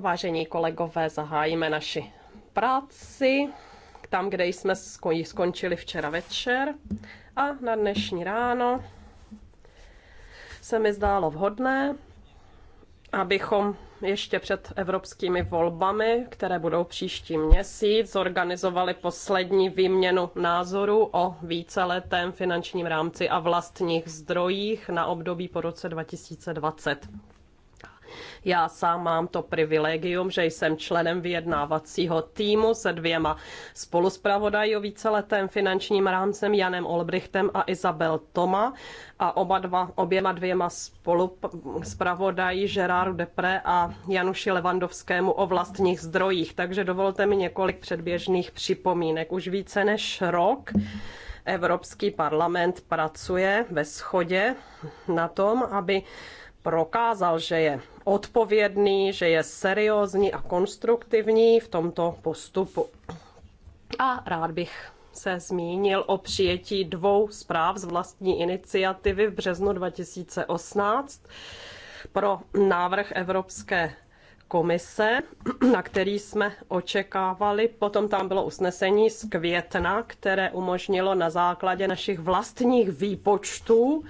Vážení kolegové, zahájíme naši práci tam, kde jsme skončili včera večer a na dnešní ráno se mi zdálo vhodné, abychom ještě před evropskými volbami, které budou příští měsíc, zorganizovali poslední výměnu názorů o víceletém finančním rámci a vlastních zdrojích na období po roce 2020. Já sám mám to privilegium, že jsem členem vyjednávacího týmu se dvěma spoluspravodají o víceletém finančním rámcem Janem Olbrichtem a Izabel Toma a oba dva, oběma dvěma spoluspravodají zpravodají Žeráru Depre a Januši Levandovskému o vlastních zdrojích. Takže dovolte mi několik předběžných připomínek. Už více než rok Evropský parlament pracuje ve schodě na tom, aby prokázal, že je odpovědný, že je seriózní a konstruktivní v tomto postupu. A rád bych se zmínil o přijetí dvou zpráv z vlastní iniciativy v březnu 2018 pro návrh Evropské komise, na který jsme očekávali. Potom tam bylo usnesení z května, které umožnilo na základě našich vlastních výpočtů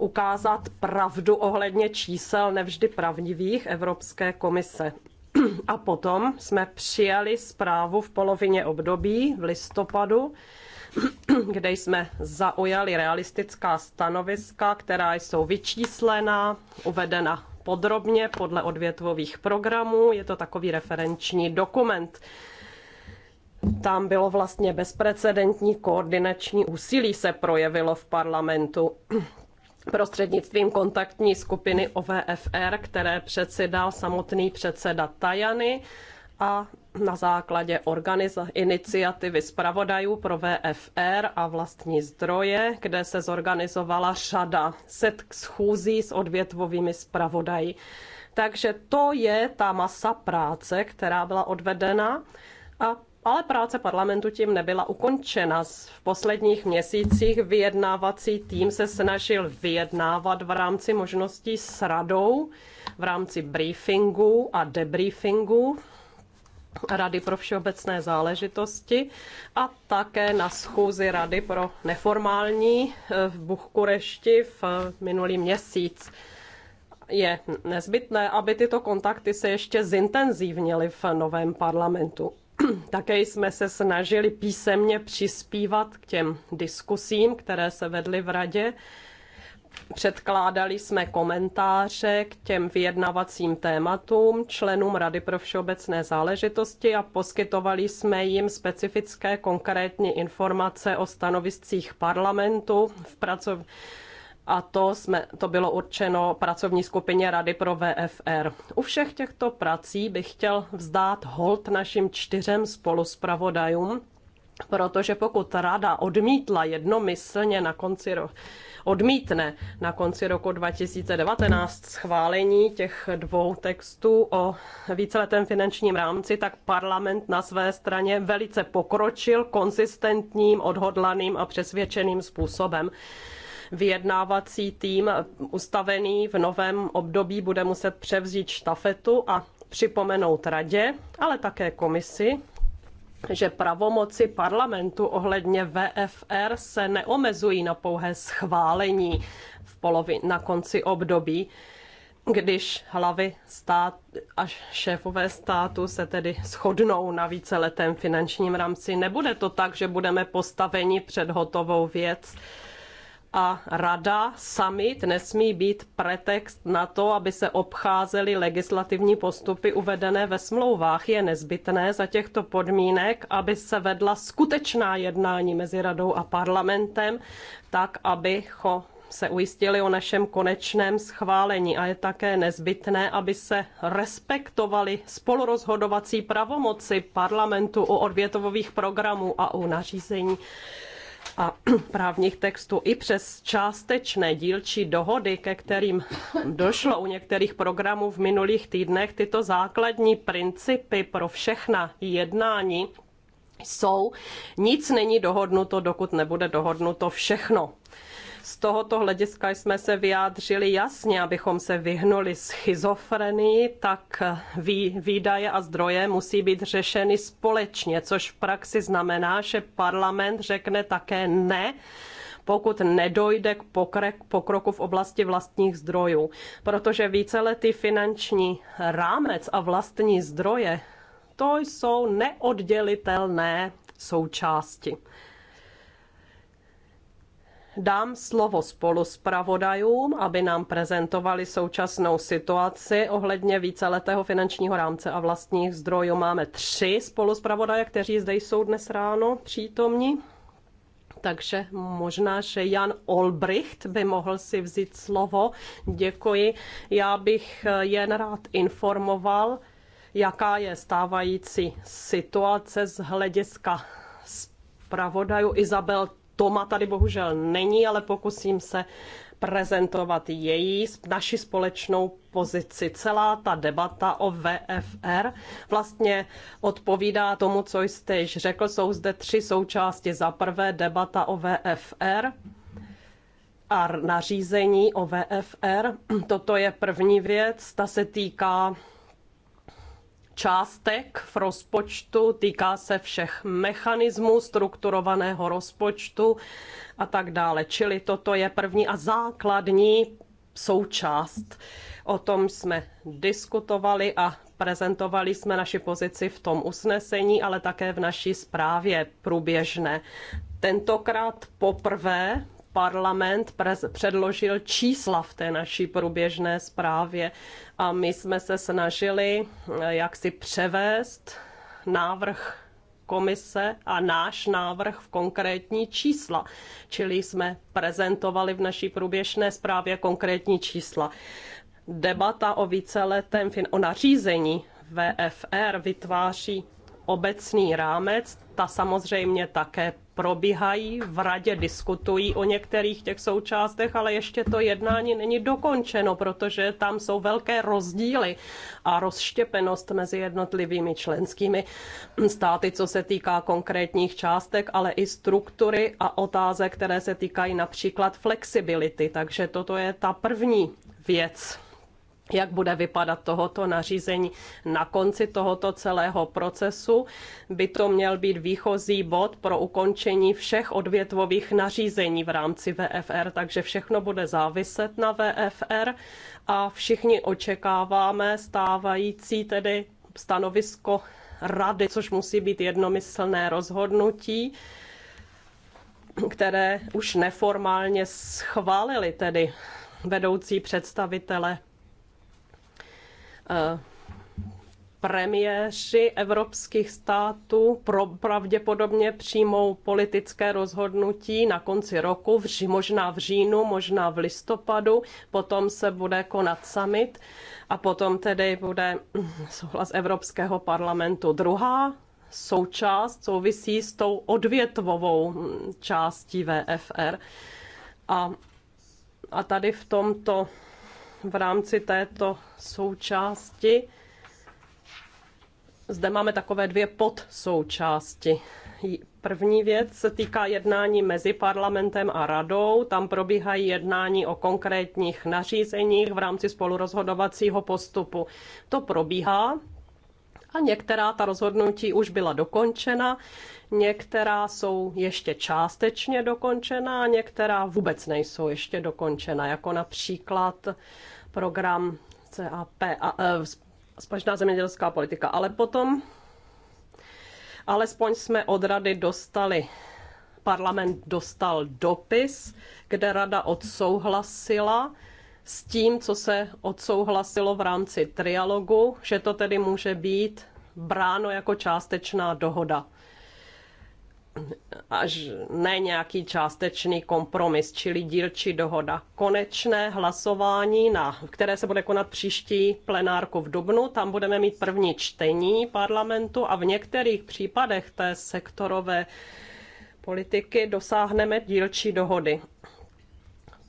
ukázat pravdu ohledně čísel nevždy pravdivých Evropské komise. A potom jsme přijali zprávu v polovině období v listopadu, kde jsme zaujali realistická stanoviska, která jsou vyčíslena, uvedena podrobně podle odvětvových programů. Je to takový referenční dokument. Tam bylo vlastně bezprecedentní koordinační úsilí se projevilo v parlamentu prostřednictvím kontaktní skupiny OVFR, které předsedal samotný předseda Tajany a na základě iniciativy zpravodajů pro VFR a vlastní zdroje, kde se zorganizovala řada set schůzí s odvětvovými zpravodaji. Takže to je ta masa práce, která byla odvedena a ale práce parlamentu tím nebyla ukončena. V posledních měsících vyjednávací tým se snažil vyjednávat v rámci možností s radou, v rámci briefingu a debriefingu Rady pro všeobecné záležitosti a také na schůzi Rady pro neformální eh, v Buchkurešti v eh, minulý měsíc je nezbytné, aby tyto kontakty se ještě zintenzívnily v novém parlamentu. Také jsme se snažili písemně přispívat k těm diskusím, které se vedly v radě. Předkládali jsme komentáře k těm vyjednavacím tématům členům Rady pro všeobecné záležitosti a poskytovali jsme jim specifické konkrétní informace o stanoviscích parlamentu v pracovní a to, jsme, to bylo určeno pracovní skupině Rady pro VFR. U všech těchto prací bych chtěl vzdát hold našim čtyřem spoluspravodajům, protože pokud rada odmítla jednomyslně na konci roku, odmítne na konci roku 2019 schválení těch dvou textů o víceletém finančním rámci, tak parlament na své straně velice pokročil konsistentním, odhodlaným a přesvědčeným způsobem vyjednávací tým ustavený v novém období bude muset převzít štafetu a připomenout radě, ale také komisi, že pravomoci parlamentu ohledně VFR se neomezují na pouhé schválení v polovi, na konci období, když hlavy stát a šéfové státu se tedy shodnou na víceletém finančním rámci. Nebude to tak, že budeme postaveni před hotovou věc a rada summit nesmí být pretext na to, aby se obcházely legislativní postupy uvedené ve smlouvách. Je nezbytné za těchto podmínek, aby se vedla skutečná jednání mezi radou a parlamentem, tak abychom se ujistili o našem konečném schválení a je také nezbytné, aby se respektovaly spolurozhodovací pravomoci parlamentu u odvětových programů a u nařízení a právních textů i přes částečné dílčí dohody, ke kterým došlo u některých programů v minulých týdnech, tyto základní principy pro všechna jednání jsou. Nic není dohodnuto, dokud nebude dohodnuto všechno. Z tohoto hlediska jsme se vyjádřili jasně, abychom se vyhnuli schizofrenii, tak výdaje a zdroje musí být řešeny společně, což v praxi znamená, že parlament řekne také ne pokud nedojde k pokroku v oblasti vlastních zdrojů. Protože víceletý finanční rámec a vlastní zdroje, to jsou neoddělitelné součásti dám slovo spoluspravodajům, aby nám prezentovali současnou situaci ohledně víceletého finančního rámce a vlastních zdrojů. Máme tři spoluspravodaje, kteří zde jsou dnes ráno přítomní. Takže možná, že Jan Olbricht by mohl si vzít slovo. Děkuji. Já bych jen rád informoval, jaká je stávající situace z hlediska zpravodajů. Izabel Toma tady bohužel není, ale pokusím se prezentovat její, naši společnou pozici. Celá ta debata o VFR vlastně odpovídá tomu, co jste již řekl. Jsou zde tři součásti. Za prvé debata o VFR a nařízení o VFR. Toto je první věc, ta se týká částek v rozpočtu, týká se všech mechanismů strukturovaného rozpočtu a tak dále. Čili toto je první a základní součást. O tom jsme diskutovali a prezentovali jsme naši pozici v tom usnesení, ale také v naší zprávě průběžné. Tentokrát poprvé parlament předložil čísla v té naší průběžné zprávě a my jsme se snažili eh, jak si převést návrh komise a náš návrh v konkrétní čísla. Čili jsme prezentovali v naší průběžné zprávě konkrétní čísla. Debata o víceletém o nařízení VFR vytváří obecný rámec, ta samozřejmě také probíhají, v radě diskutují o některých těch součástech, ale ještě to jednání není dokončeno, protože tam jsou velké rozdíly a rozštěpenost mezi jednotlivými členskými státy, co se týká konkrétních částek, ale i struktury a otázek, které se týkají například flexibility. Takže toto je ta první věc jak bude vypadat tohoto nařízení. Na konci tohoto celého procesu by to měl být výchozí bod pro ukončení všech odvětvových nařízení v rámci VFR, takže všechno bude záviset na VFR a všichni očekáváme stávající tedy stanovisko rady, což musí být jednomyslné rozhodnutí které už neformálně schválili tedy vedoucí představitele Eh, premiéři evropských států pro, pravděpodobně přijmou politické rozhodnutí na konci roku, v, možná v říjnu, možná v listopadu, potom se bude konat summit a potom tedy bude souhlas Evropského parlamentu. Druhá součást souvisí s tou odvětvovou hm, částí VFR a, a tady v tomto v rámci této součásti. Zde máme takové dvě podsoučásti. První věc se týká jednání mezi parlamentem a radou. Tam probíhají jednání o konkrétních nařízeních v rámci spolurozhodovacího postupu. To probíhá, a některá ta rozhodnutí už byla dokončena, některá jsou ještě částečně dokončena a některá vůbec nejsou ještě dokončena, jako například program CAP, a, e, společná zemědělská politika. Ale potom alespoň jsme od rady dostali parlament dostal dopis, kde rada odsouhlasila s tím, co se odsouhlasilo v rámci trialogu, že to tedy může být bráno jako částečná dohoda. Až ne nějaký částečný kompromis, čili dílčí dohoda. Konečné hlasování, na, které se bude konat příští plenárku v Dubnu, tam budeme mít první čtení parlamentu a v některých případech té sektorové politiky dosáhneme dílčí dohody.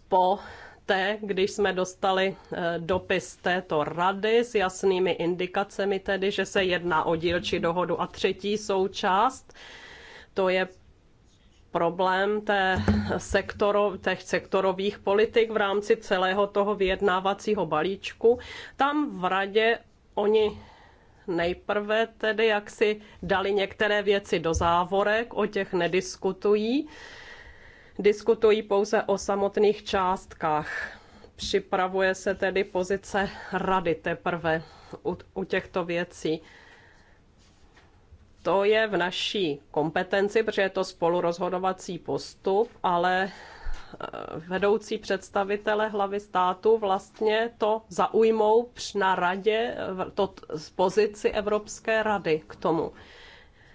Po poté, když jsme dostali eh, dopis této rady s jasnými indikacemi, tedy, že se jedná o dílčí dohodu a třetí součást, to je problém té sektoro, těch sektorových politik v rámci celého toho vyjednávacího balíčku. Tam v radě oni nejprve tedy jak si dali některé věci do závorek, o těch nediskutují diskutují pouze o samotných částkách. Připravuje se tedy pozice rady teprve u, u těchto věcí. To je v naší kompetenci, protože je to spolurozhodovací postup, ale eh, vedoucí představitele hlavy státu vlastně to zaujmou na radě, to z pozici Evropské rady k tomu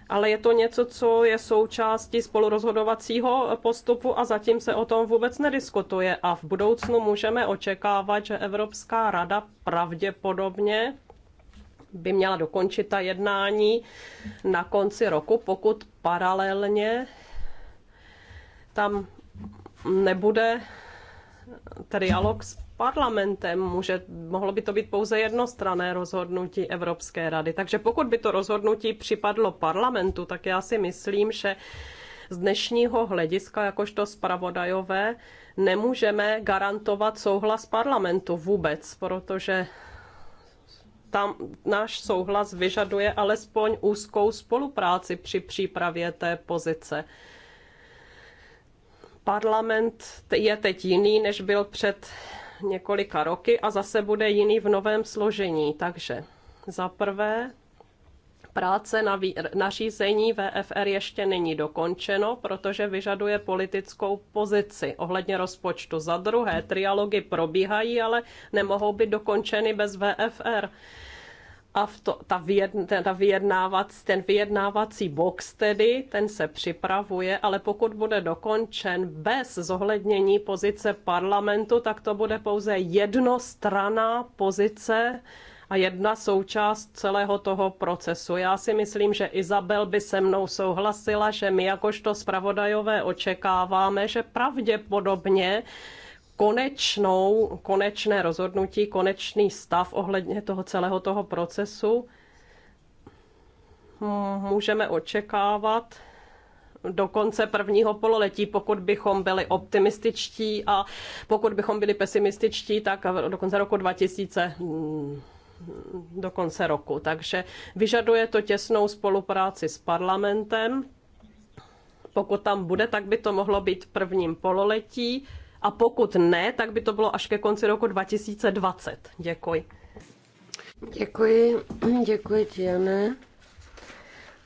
ale je to něco, co je součástí spolurozhodovacího postupu a zatím se o tom vůbec nediskutuje. A v budoucnu můžeme očekávat, že Evropská rada pravděpodobně by měla dokončit ta jednání na konci roku, pokud paralelně tam nebude trialog s parlamentem. Může, mohlo by to být pouze jednostrané rozhodnutí Evropské rady. Takže pokud by to rozhodnutí připadlo parlamentu, tak já si myslím, že z dnešního hlediska, jakožto zpravodajové, nemůžeme garantovat souhlas parlamentu vůbec, protože tam náš souhlas vyžaduje alespoň úzkou spolupráci při přípravě té pozice. Parlament je teď jiný, než byl před několika roky a zase bude jiný v novém složení. Takže za prvé práce na řízení VFR ještě není dokončeno, protože vyžaduje politickou pozici ohledně rozpočtu. Za druhé, trialogy probíhají, ale nemohou být dokončeny bez VFR a v to, ta vyjedn, ta vyjednávac, ten vyjednávací box tedy, ten se připravuje, ale pokud bude dokončen bez zohlednění pozice parlamentu, tak to bude pouze jednostraná pozice a jedna součást celého toho procesu. Já si myslím, že Izabel by se mnou souhlasila, že my jakožto zpravodajové očekáváme, že pravděpodobně konečnou, konečné rozhodnutí, konečný stav ohledně toho celého toho procesu hmm, můžeme očekávat do konce prvního pololetí, pokud bychom byli optimističtí a pokud bychom byli pesimističtí, tak do konce roku 2000 hmm, do konce roku. Takže vyžaduje to těsnou spolupráci s parlamentem. Pokud tam bude, tak by to mohlo být v prvním pololetí a pokud ne, tak by to bylo až ke konci roku 2020. Děkuji. Děkuji, děkuji ti, Jane.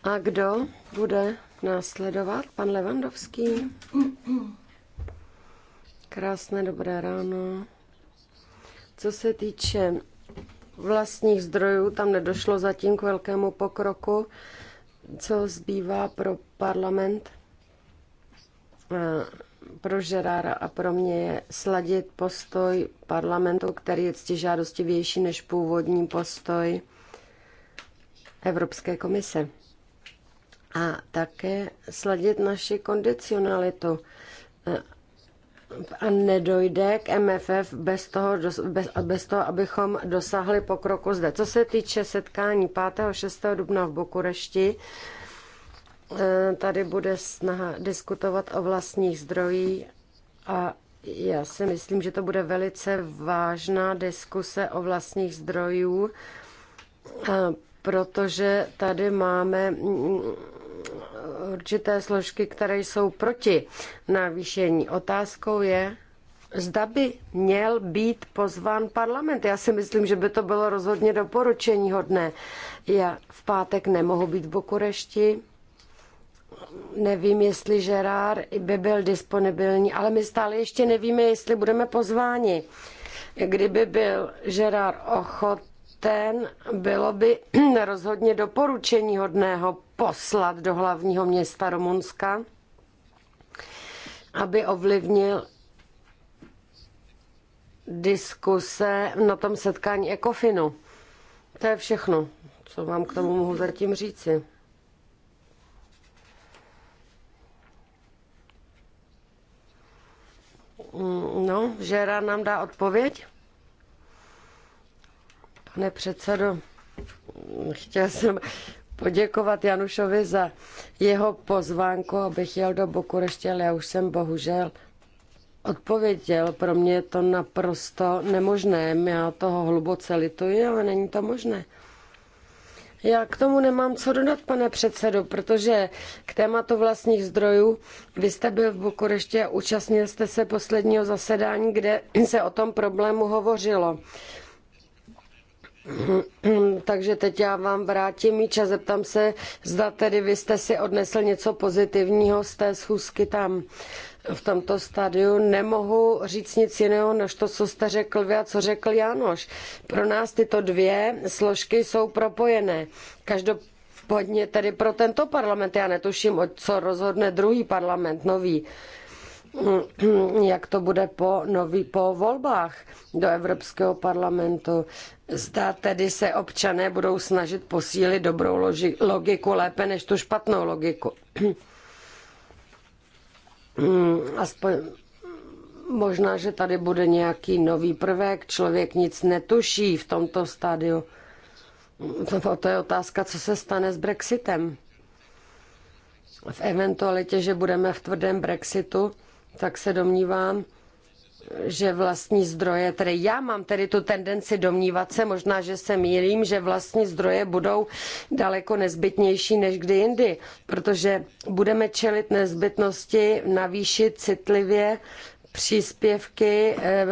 A kdo bude následovat? Pan Levandovský. Krásné dobré ráno. Co se týče vlastních zdrojů, tam nedošlo zatím k velkému pokroku. Co zbývá pro parlament? pro Žerára a pro mě je sladit postoj parlamentu, který je ctižádostivější než původní postoj Evropské komise. A také sladit naši kondicionalitu. A nedojde k MFF bez toho, bez, bez toho, abychom dosáhli pokroku zde. Co se týče setkání 5. a 6. dubna v Bukurešti, Eh, tady bude snaha diskutovat o vlastních zdrojích a já si myslím, že to bude velice vážná diskuse o vlastních zdrojů, eh, protože tady máme mm, určité složky, které jsou proti navýšení. Otázkou je, zda by měl být pozván parlament. Já si myslím, že by to bylo rozhodně doporučení hodné. Já v pátek nemohu být v Bukurešti, nevím, jestli Žerár by byl disponibilní, ale my stále ještě nevíme, jestli budeme pozváni. Kdyby byl Žerár ochoten, bylo by rozhodně doporučení hodného poslat do hlavního města Rumunska, aby ovlivnil diskuse na tom setkání Ekofinu. To je všechno, co vám k tomu mohu zatím říci. Mm, no, že rád nám dá odpověď? Pane předsedo, chtěl jsem poděkovat Janušovi za jeho pozvánku, abych jel do Bukurešti, ale já už jsem bohužel odpověděl. Pro mě je to naprosto nemožné. Já toho hluboce lituji, ale není to možné. Já k tomu nemám co dodat, pane předsedo, protože k tématu vlastních zdrojů vy jste byl v Bukurešti a účastnil jste se posledního zasedání, kde se o tom problému hovořilo. Takže teď já vám vrátím míč a zeptám se, zda tedy vy jste si odnesl něco pozitivního z té schůzky tam v tomto stádiu nemohu říct nic jiného, než to, co jste řekl vy a co řekl Janoš. Pro nás tyto dvě složky jsou propojené. Každopádně tedy pro tento parlament, já netuším, o co rozhodne druhý parlament nový, jak to bude po, nový, po volbách do Evropského parlamentu. Zda tedy se občané budou snažit posílit dobrou logiku lépe než tu špatnou logiku. Mm, aspoň možná, že tady bude nějaký nový prvek, člověk nic netuší v tomto stádiu. To, no, to je otázka, co se stane s Brexitem. V eventualitě, že budeme v tvrdém Brexitu, tak se domnívám, že vlastní zdroje, tedy já mám tedy tu tendenci domnívat se, možná, že se mýlím, že vlastní zdroje budou daleko nezbytnější než kdy jindy, protože budeme čelit nezbytnosti navýšit citlivě příspěvky eh,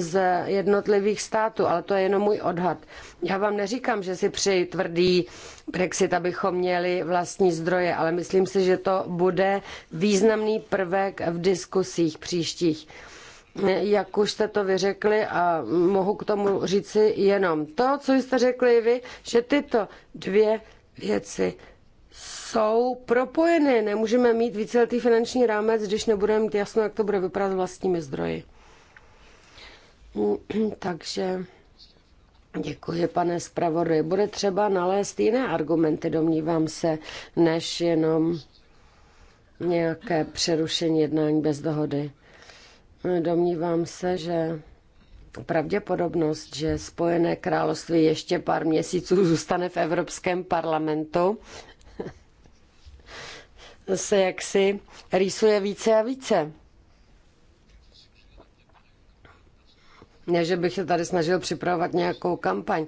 z jednotlivých států, ale to je jenom můj odhad. Já vám neříkám, že si přeji tvrdý Brexit, abychom měli vlastní zdroje, ale myslím si, že to bude významný prvek v diskusích příštích jak už jste to vyřekli a mohu k tomu říci jenom to, co jste řekli vy, že tyto dvě věci jsou propojeny. Nemůžeme mít víceletý finanční rámec, když nebudeme mít jasno, jak to bude vypadat vlastními zdroji. Takže děkuji, pane zpravodaj. Bude třeba nalézt jiné argumenty, domnívám se, než jenom nějaké přerušení jednání bez dohody. Domnívám se, že pravděpodobnost, že Spojené království ještě pár měsíců zůstane v Evropském parlamentu, se jaksi rýsuje více a více. Ne, že bych se tady snažil připravovat nějakou kampaň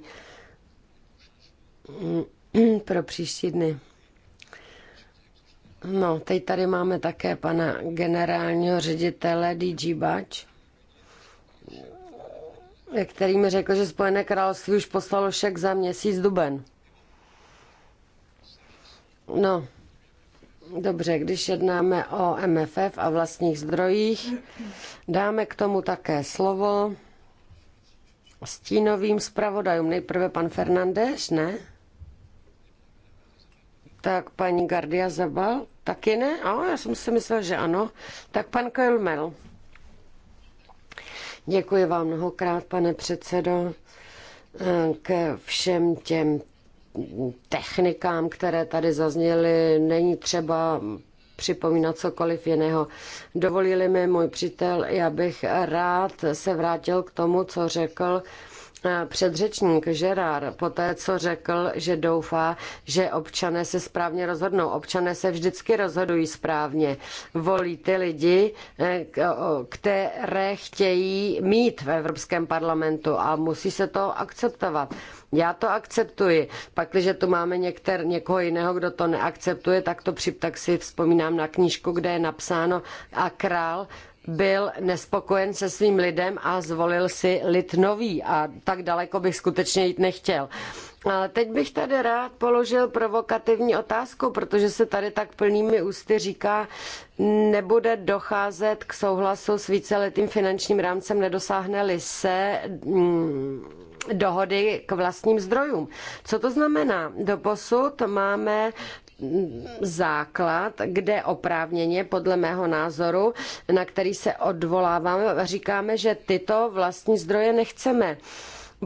pro příští dny. No, teď tady máme také pana generálního ředitele DG Bač, který mi řekl, že Spojené království už poslalo šek za měsíc duben. No, dobře, když jednáme o MFF a vlastních zdrojích, dáme k tomu také slovo stínovým zpravodajům. Nejprve pan Fernandeš, ne? Tak paní Gardia Zabal, Taky ne? A já jsem si myslel, že ano. Tak pan Kölmel. Děkuji vám mnohokrát, pane předsedo, k všem těm technikám, které tady zazněly. Není třeba připomínat cokoliv jiného. Dovolili mi můj přítel, já bych rád se vrátil k tomu, co řekl Eh, předřečník Gerard po té, co řekl, že doufá, že občané se správně rozhodnou. Občané se vždycky rozhodují správně. Volí ty lidi, eh, které chtějí mít v Evropském parlamentu a musí se to akceptovat. Já to akceptuji. Pak, když tu máme někter, někoho jiného, kdo to neakceptuje, tak, to, tak si vzpomínám na knížku, kde je napsáno a král byl nespokojen se svým lidem a zvolil si lid nový a tak daleko bych skutečně jít nechtěl. Ale teď bych tady rád položil provokativní otázku, protože se tady tak plnými ústy říká, nebude docházet k souhlasu s víceletým finančním rámcem, nedosáhne-li se mm, dohody k vlastním zdrojům. Co to znamená? Doposud máme základ, kde oprávněně, podle mého názoru, na který se odvoláváme, říkáme, že tyto vlastní zdroje nechceme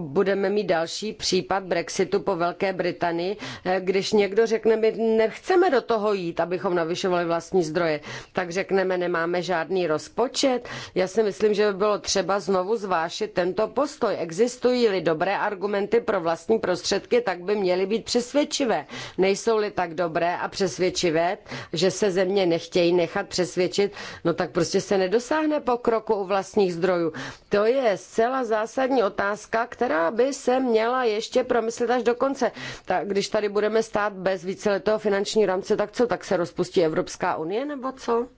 budeme mít další případ Brexitu po Velké Británii, eh, když někdo řekne, my nechceme do toho jít, abychom navyšovali vlastní zdroje, tak řekneme, nemáme žádný rozpočet. Já si myslím, že by bylo třeba znovu zvážit tento postoj. Existují-li dobré argumenty pro vlastní prostředky, tak by měly být přesvědčivé. Nejsou-li tak dobré a přesvědčivé, že se země nechtějí nechat přesvědčit, no tak prostě se nedosáhne pokroku u vlastních zdrojů. To je zcela zásadní otázka, která která by se měla ještě promyslet až do konce. Tak když tady budeme stát bez víceletého finanční rámce, tak co, tak se rozpustí Evropská unie nebo co?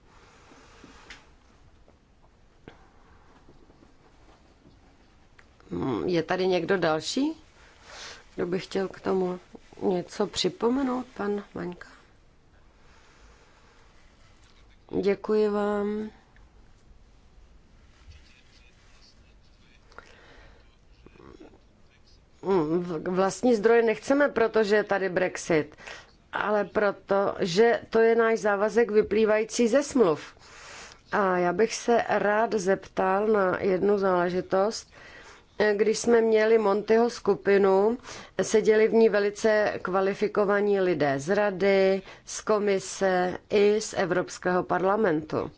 Hmm, je tady někdo další, kdo by chtěl k tomu něco připomenout, pan Maňka? Děkuji vám. vlastní zdroje nechceme, protože je tady Brexit, ale proto, že to je náš závazek vyplývající ze smluv. A já bych se rád zeptal na jednu záležitost. Když jsme měli Montyho skupinu, seděli v ní velice kvalifikovaní lidé z rady, z komise i z Evropského parlamentu.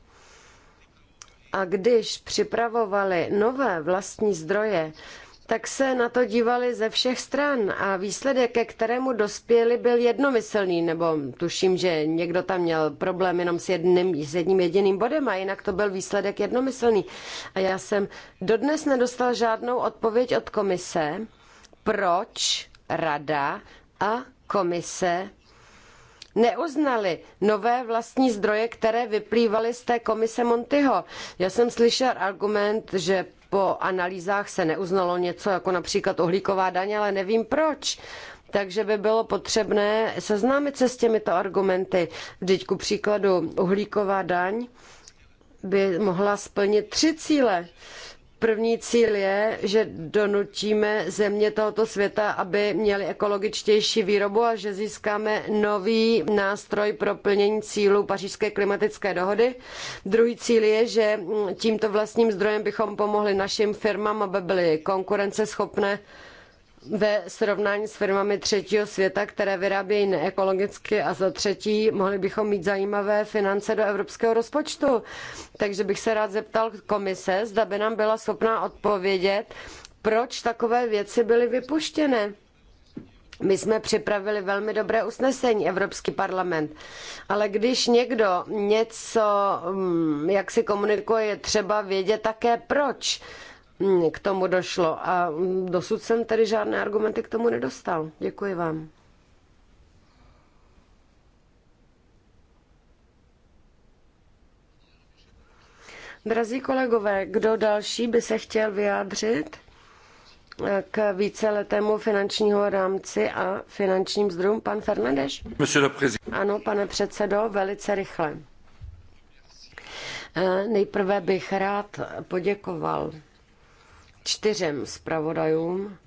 A když připravovali nové vlastní zdroje, tak se na to dívali ze všech stran a výsledek, ke kterému dospěli, byl jednomyslný, nebo tuším, že někdo tam měl problém jenom s jedním, s jedním jediným bodem a jinak to byl výsledek jednomyslný. A já jsem dodnes nedostal žádnou odpověď od komise, proč rada a komise neuznali nové vlastní zdroje, které vyplývaly z té komise Montyho. Já jsem slyšel argument, že po analýzách se neuznalo něco jako například uhlíková daň, ale nevím proč. Takže by bylo potřebné seznámit se s těmito argumenty. Vždyť ku příkladu uhlíková daň by mohla splnit tři cíle. První cíl je, že donutíme země tohoto světa, aby měly ekologičtější výrobu a že získáme nový nástroj pro plnění cílů pařížské klimatické dohody. Druhý cíl je, že tímto vlastním zdrojem bychom pomohli našim firmám, aby byly konkurenceschopné ve srovnání s firmami třetího světa, které vyrábějí neekologicky a za třetí mohli bychom mít zajímavé finance do evropského rozpočtu. Takže bych se rád zeptal komise, zda by nám byla schopná odpovědět, proč takové věci byly vypuštěny. My jsme připravili velmi dobré usnesení, Evropský parlament. Ale když někdo něco, mm, jak si komunikuje, je třeba vědět také proč k tomu došlo. A dosud jsem tady žádné argumenty k tomu nedostal. Děkuji vám. Drazí kolegové, kdo další by se chtěl vyjádřit k víceletému finančního rámci a finančním zdrojům? Pan Fernandeš? Ano, pane předsedo, velice rychle. Eh, nejprve bych rád poděkoval čtyřem zpravodajům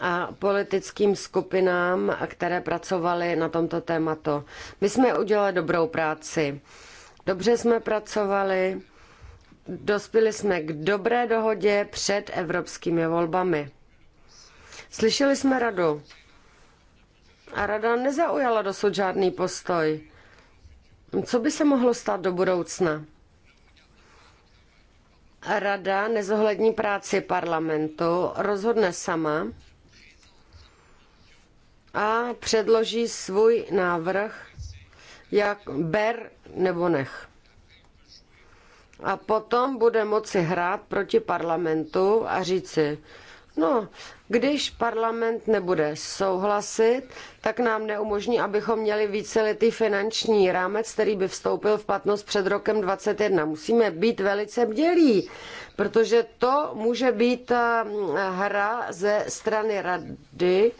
a politickým skupinám, které pracovaly na tomto tématu. My jsme udělali dobrou práci. Dobře jsme pracovali, dospěli jsme k dobré dohodě před evropskými volbami. Slyšeli jsme radu a rada nezaujala dosud žádný postoj. Co by se mohlo stát do budoucna? rada nezohlední práci parlamentu, rozhodne sama a předloží svůj návrh jak ber nebo nech. A potom bude moci hrát proti parlamentu a říci, No, když parlament nebude souhlasit, tak nám neumožní, abychom měli víceletý finanční rámec, který by vstoupil v platnost před rokem 2021. Musíme být velice bdělí, protože to může být eh, hra ze strany rady,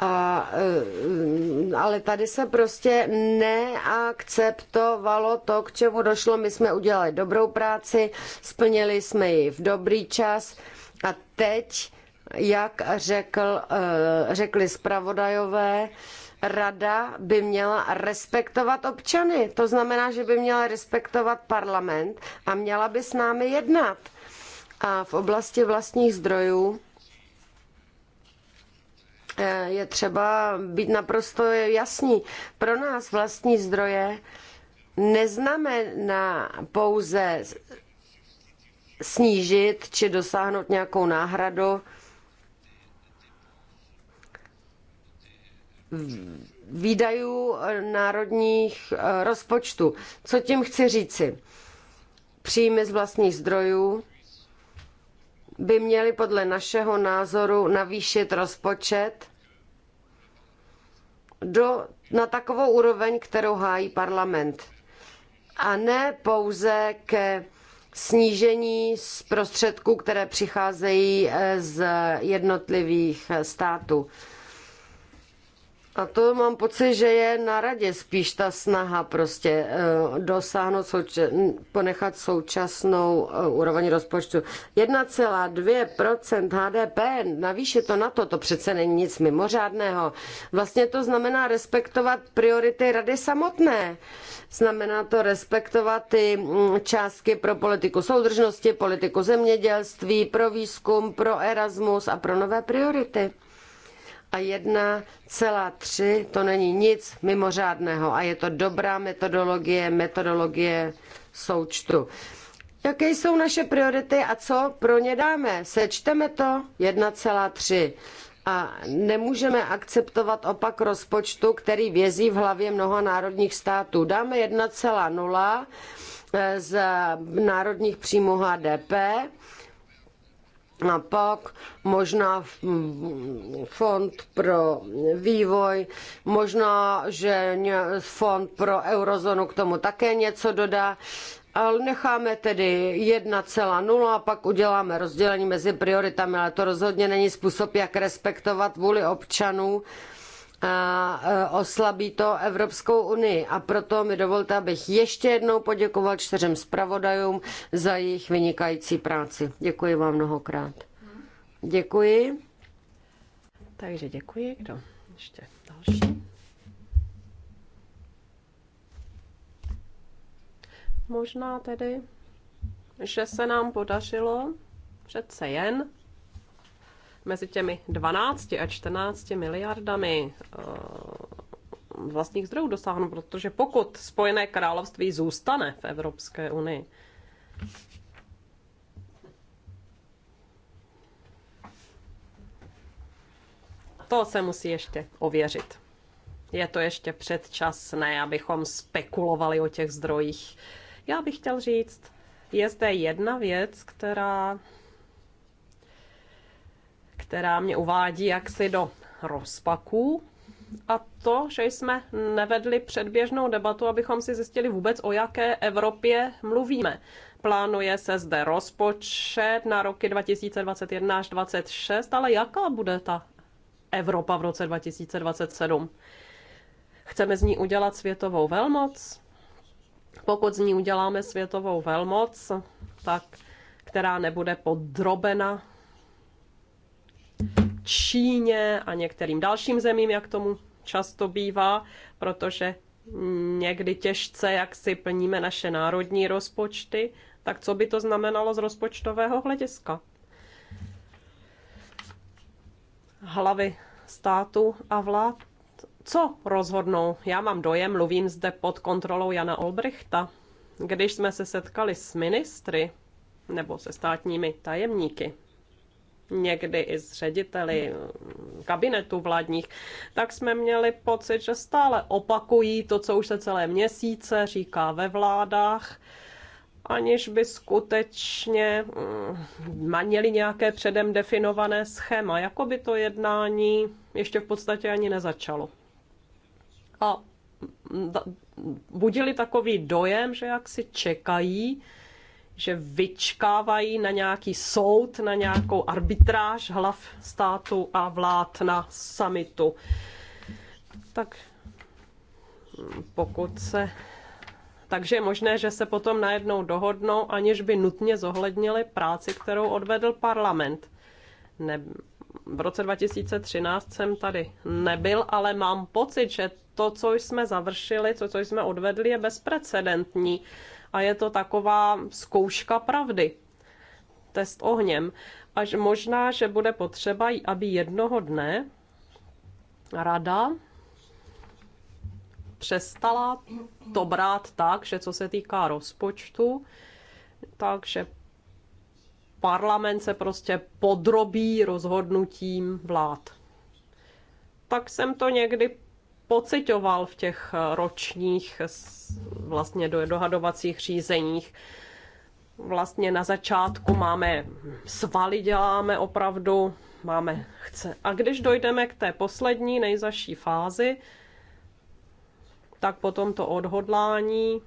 a, eh, ale tady se prostě neakceptovalo to, k čemu došlo. My jsme udělali dobrou práci, splnili jsme ji v dobrý čas a teď, jak řekl, eh, řekli zpravodajové, rada by měla respektovat občany. To znamená, že by měla respektovat parlament a měla by s námi jednat. A v oblasti vlastních zdrojů eh, je třeba být naprosto jasný. Pro nás vlastní zdroje neznamená pouze snížit či dosáhnout nějakou náhradu výdajů národních eh, rozpočtů. Co tím chci říci? Příjmy z vlastních zdrojů by měly podle našeho názoru navýšit rozpočet do, na takovou úroveň, kterou hájí parlament. A ne pouze ke snížení z prostředků, které přicházejí eh, z jednotlivých eh, států. A to mám pocit, že je na radě spíš ta snaha prostě eh, dosáhnout, souč- ponechat současnou eh, úroveň rozpočtu. 1,2% HDP, navýšit to na to, to přece není nic mimořádného. Vlastně to znamená respektovat priority rady samotné. Znamená to respektovat ty mm, částky pro politiku soudržnosti, politiku zemědělství, pro výzkum, pro Erasmus a pro nové priority a 1,3 to není nic mimořádného a je to dobrá metodologie, metodologie součtu. Jaké jsou naše priority a co pro ně dáme? Sečteme to 1,3 a nemůžeme akceptovat opak rozpočtu, který vězí v hlavě mnoha národních států. Dáme 1,0 eh, z národních příjmů HDP a pak možná fond pro vývoj, možná, že fond pro eurozónu k tomu také něco dodá, ale necháme tedy 1,0 a pak uděláme rozdělení mezi prioritami, ale to rozhodně není způsob, jak respektovat vůli občanů, a oslabí to Evropskou unii. A proto mi dovolte, abych ještě jednou poděkoval čtyřem zpravodajům za jejich vynikající práci. Děkuji vám mnohokrát. Děkuji. Takže děkuji. Kdo? Ještě další. Možná tedy, že se nám podařilo přece jen mezi těmi 12 a 14 miliardami eh, vlastních zdrojů dosáhnout, protože pokud Spojené království zůstane v Evropské unii, to se musí ještě ověřit. Je to ještě předčasné, abychom spekulovali o těch zdrojích. Já bych chtěl říct, je zde jedna věc, která která mě uvádí jaksi do rozpaků. A to, že jsme nevedli předběžnou debatu, abychom si zjistili vůbec, o jaké Evropě mluvíme. Plánuje se zde rozpočet na roky 2021 až 2026, ale jaká bude ta Evropa v roce 2027? Chceme z ní udělat světovou velmoc? Pokud z ní uděláme světovou velmoc, tak která nebude podrobena Číně a některým dalším zemím, jak tomu často bývá, protože někdy těžce, jak si plníme naše národní rozpočty, tak co by to znamenalo z rozpočtového hlediska? Hlavy státu a vlád co rozhodnou? Já mám dojem, mluvím zde pod kontrolou Jana Olbrichta. Když jsme se setkali s ministry nebo se státními tajemníky, někdy i s řediteli kabinetu vládních, tak jsme měli pocit, že stále opakují to, co už se celé měsíce říká ve vládách, aniž by skutečně mm, měli nějaké předem definované schéma, jako by to jednání ještě v podstatě ani nezačalo. A budili takový dojem, že jak si čekají, že vyčkávají na nějaký soud, na nějakou arbitráž hlav státu a vlád na summitu. Tak hm, pokud se takže je možné, že se potom najednou dohodnou, aniž by nutně zohlednili práci, kterou odvedl parlament. Ne, v roce 2013 jsem tady nebyl, ale mám pocit, že to, co jsme završili, to, co jsme odvedli, je bezprecedentní a je to taková zkouška pravdy. Test ohněm. Až možná, že bude potřeba, aby jednoho dne rada přestala to brát tak, že co se týká rozpočtu, takže parlament se prostě podrobí rozhodnutím vlád. Tak jsem to někdy pocitoval v těch eh, ročních vlastně dohadovacích řízeních. Vlastně na začátku máme svaly, děláme opravdu, máme chce. A když dojdeme k té poslední, nejzaší fázi, tak potom to odhodlání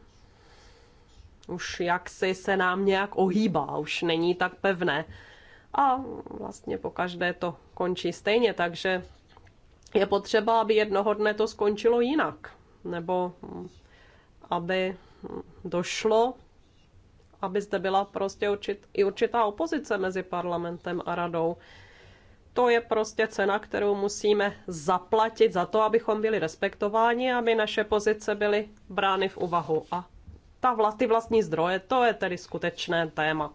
už jaksi se nám nějak ohýbá, už není tak pevné. A vlastně po každé to končí stejně, takže je potřeba, aby jednoho dne to skončilo jinak, nebo mm, aby došlo, aby zde byla prostě určit, i určitá opozice mezi parlamentem a radou. To je prostě cena, kterou musíme zaplatit za to, abychom byli respektováni, aby naše pozice byly brány v úvahu. A ta, ty vlastní zdroje, to je tedy skutečné téma.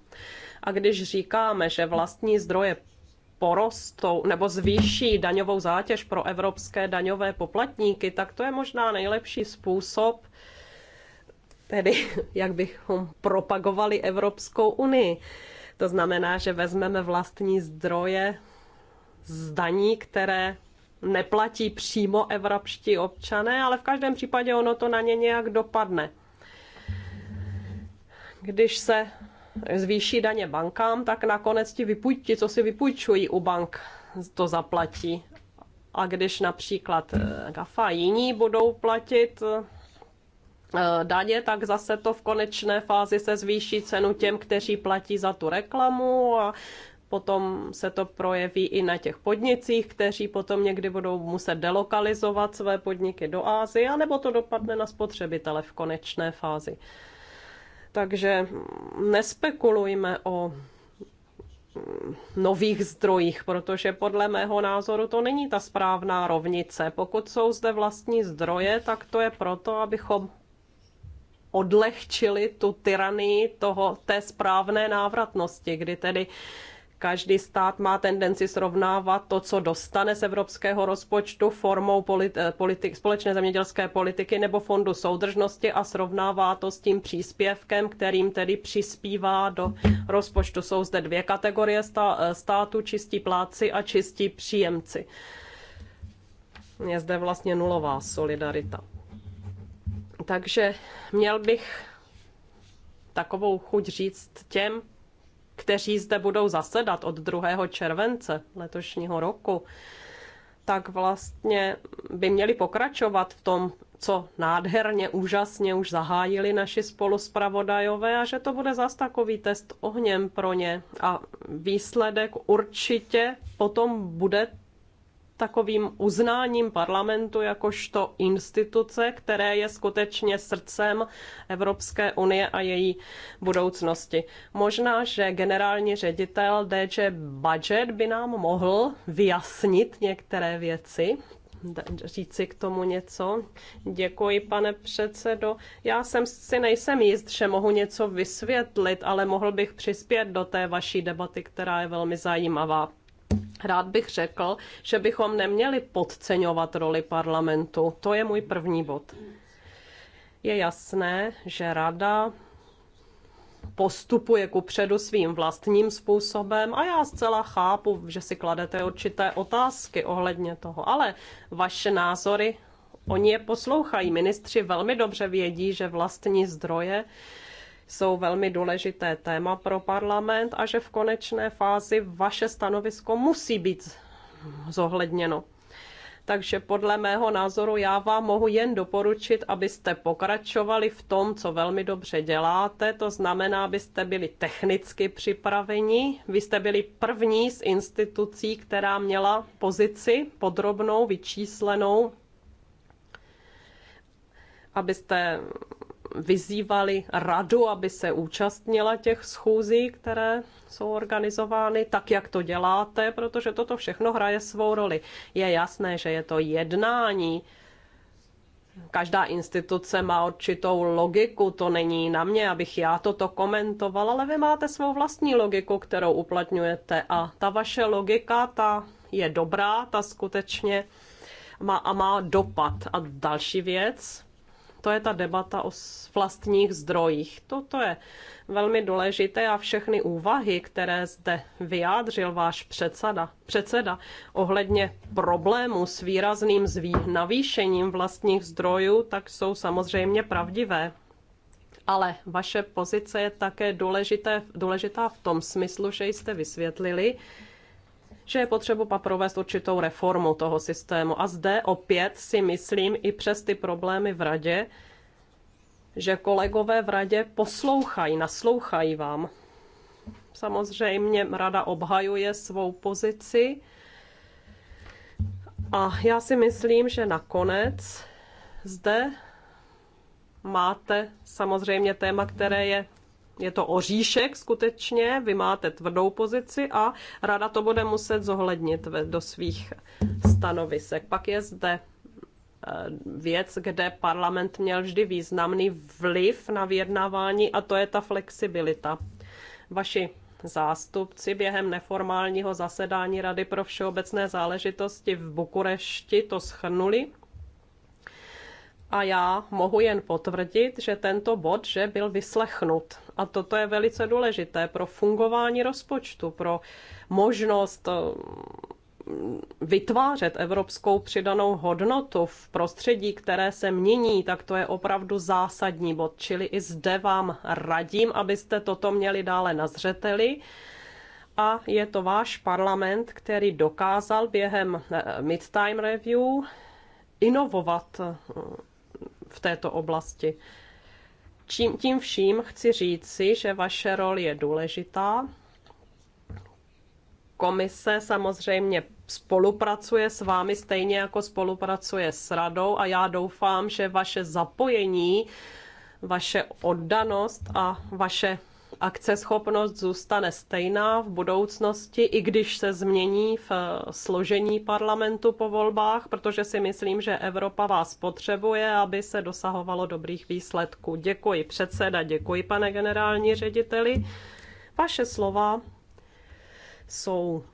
A když říkáme, že vlastní zdroje porostou nebo zvýší daňovou zátěž pro evropské daňové poplatníky, tak to je možná nejlepší způsob, tedy jak bychom propagovali Evropskou unii. To znamená, že vezmeme vlastní zdroje z daní, které neplatí přímo evropští občané, ale v každém případě ono to na ně nějak dopadne. Když se zvýší daně bankám, tak nakonec ti, vypůj, ti co si vypůjčují u bank, to zaplatí. A když například eh, GAFA jiní budou platit eh, daně, tak zase to v konečné fázi se zvýší cenu těm, kteří platí za tu reklamu a potom se to projeví i na těch podnicích, kteří potom někdy budou muset delokalizovat své podniky do Ázie, anebo to dopadne na spotřebitele v konečné fázi. Takže nespekulujme o nových zdrojích, protože podle mého názoru to není ta správná rovnice. Pokud jsou zde vlastní zdroje, tak to je proto, abychom odlehčili tu tyranii toho, té správné návratnosti, kdy tedy každý stát má tendenci srovnávat to, co dostane z evropského rozpočtu formou politi- eh, politi- společné zemědělské politiky nebo fondu soudržnosti a srovnává to s tím příspěvkem, kterým tedy přispívá do rozpočtu. Jsou zde dvě kategorie eh, států, čistí pláci a čistí příjemci. Je zde vlastně nulová solidarita. Takže měl bych takovou chuť říct těm, kteří zde budou zasedat od 2. července letošního roku, tak vlastně by měli pokračovat v tom, co nádherně, úžasně už zahájili naši spoluspravodajové a že to bude zas takový test ohněm pro ně. A výsledek určitě potom bude takovým uznáním parlamentu jakožto instituce, které je skutečně srdcem Evropské unie a její budoucnosti. Možná, že generální ředitel DG Budget by nám mohl vyjasnit některé věci, říci k tomu něco. Děkuji, pane předsedo. Já jsem si nejsem jist, že mohu něco vysvětlit, ale mohl bych přispět do té vaší debaty, která je velmi zajímavá. Rád bych řekl, že bychom neměli podceňovat roli parlamentu. To je můj první bod. Je jasné, že rada postupuje ku předu svým vlastním způsobem a já zcela chápu, že si kladete určité otázky ohledně toho, ale vaše názory, oni je poslouchají. Ministři velmi dobře vědí, že vlastní zdroje jsou velmi důležité téma pro parlament a že v konečné fázi vaše stanovisko musí být zohledněno. Takže podle mého názoru já vám mohu jen doporučit, abyste pokračovali v tom, co velmi dobře děláte, to znamená, abyste byli technicky připraveni. Vy jste byli první z institucí, která měla pozici podrobnou, vyčíslenou, abyste vyzývali radu, aby se účastnila těch schůzí, které jsou organizovány, tak jak to děláte, protože toto všechno hraje svou roli. Je jasné, že je to jednání, každá instituce má určitou logiku, to není na mě, abych já toto komentoval, ale vy máte svou vlastní logiku, kterou uplatňujete a ta vaše logika, ta je dobrá, ta skutečně má a má dopad. A další věc, to je ta debata o vlastních zdrojích. Toto je velmi důležité a všechny úvahy, které zde vyjádřil váš předseda, předseda ohledně problému s výrazným zví, navýšením vlastních zdrojů, tak jsou samozřejmě pravdivé. Ale vaše pozice je také důležité, důležitá v tom smyslu, že jste vysvětlili, že je potřeba provést určitou reformu toho systému. A zde opět si myslím i přes ty problémy v radě, že kolegové v radě poslouchají, naslouchají vám. Samozřejmě rada obhajuje svou pozici a já si myslím, že nakonec zde máte samozřejmě téma, které je je to oříšek skutečně, vy máte tvrdou pozici a rada to bude muset zohlednit ve, do svých stanovisek. Pak je zde e, věc, kde parlament měl vždy významný vliv na vyjednávání a to je ta flexibilita. Vaši zástupci během neformálního zasedání Rady pro všeobecné záležitosti v Bukurešti to schrnuli a já mohu jen potvrdit, že tento bod, že byl vyslechnut. A toto je velice důležité pro fungování rozpočtu, pro možnost eh, vytvářet evropskou přidanou hodnotu v prostředí, které se mění, tak to je opravdu zásadní bod. Čili i zde vám radím, abyste toto měli dále na zřeteli. A je to váš parlament, který dokázal během eh, midtime review inovovat eh, v této oblasti. Čím, tím vším chci říci, že vaše rol je důležitá. Komise samozřejmě spolupracuje s vámi stejně jako spolupracuje s radou a já doufám, že vaše zapojení, vaše oddanost a vaše akceschopnost zůstane stejná v budoucnosti, i když se změní v eh, složení parlamentu po volbách, protože si myslím, že Evropa vás potřebuje, aby se dosahovalo dobrých výsledků. Děkuji předseda, děkuji pane generální řediteli. Vaše slova jsou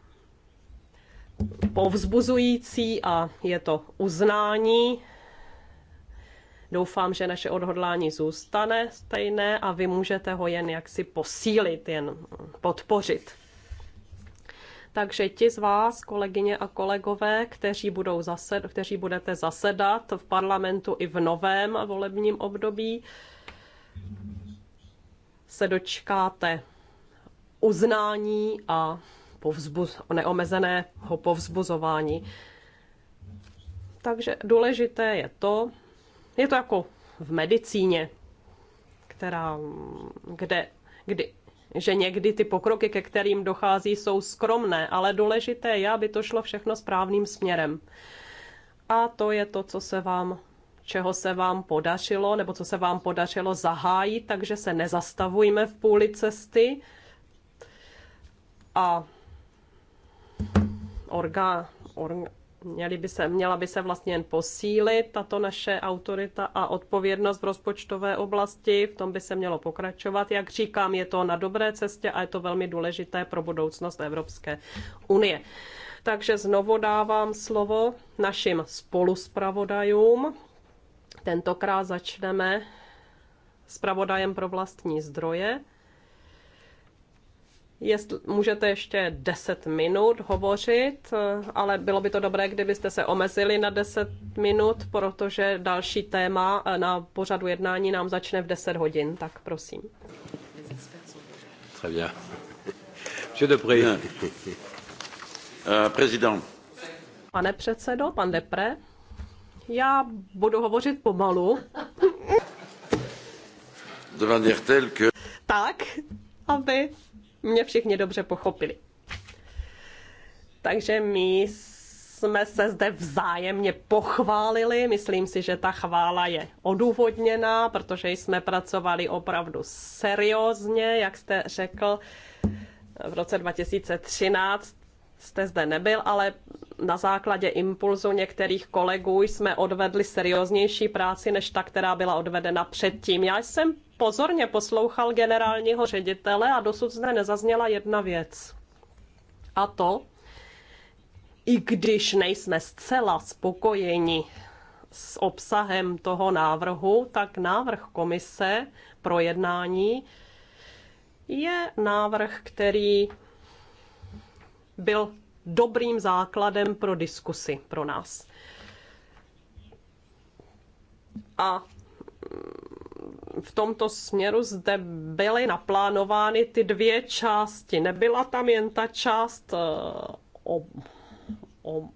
povzbuzující a je to uznání Doufám, že naše odhodlání zůstane stejné a vy můžete ho jen jaksi posílit, jen podpořit. Takže ti z vás, kolegyně a kolegové, kteří, budou zased, kteří budete zasedat v parlamentu i v novém volebním období, se dočkáte uznání a povzbuz, neomezeného povzbuzování. Takže důležité je to, je to jako v medicíně, která, kde, kdy, že někdy ty pokroky, ke kterým dochází, jsou skromné, ale důležité je, aby to šlo všechno správným směrem. A to je to, co se vám čeho se vám podařilo, nebo co se vám podařilo zahájit, takže se nezastavujme v půli cesty. A orga, orga, měly by se, měla by se vlastně jen posílit tato naše autorita a odpovědnost v rozpočtové oblasti, v tom by se mělo pokračovat. Jak říkám, je to na dobré cestě a je to velmi důležité pro budoucnost Evropské unie. Takže znovu dávám slovo našim spoluspravodajům. Tentokrát začneme s pravodajem pro vlastní zdroje. Jestli můžete ještě 10 minut hovořit, ale bylo by to dobré, kdybyste se omezili na 10 minut, protože další téma na pořadu jednání nám začne v 10 hodin, tak prosím. Très bien. Monsieur Depré. Uh, président. Pane předsedo, pan Depré, já budu hovořit pomalu. De manière telle que... Tak, aby mě všichni dobře pochopili. Takže my jsme se zde vzájemně pochválili. Myslím si, že ta chvála je odůvodněná, protože jsme pracovali opravdu seriózně, jak jste řekl. V roce 2013 jste zde nebyl, ale na základě impulzu některých kolegů jsme odvedli serióznější práci než ta, která byla odvedena předtím. Já jsem pozorně poslouchal generálního ředitele a dosud zde nezazněla jedna věc. A to, i když nejsme zcela spokojeni s obsahem toho návrhu, tak návrh komise pro jednání je návrh, který byl dobrým základem pro diskusy pro nás. A v tomto směru zde byly naplánovány ty dvě části. Nebyla tam jen ta část o eh, o,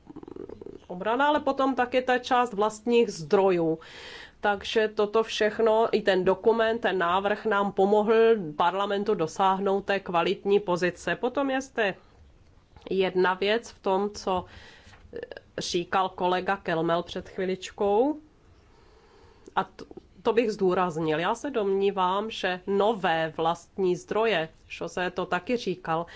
obrana, ale potom také ta část vlastních zdrojů. Takže toto všechno, i ten dokument, ten návrh nám pomohl parlamentu dosáhnout té kvalitní pozice. Potom je zde jedna věc v tom, co eh, říkal kolega Kelmel před chviličkou. A to bych zdůraznil. Já se domnívám, že nové vlastní zdroje, se to taky říkal,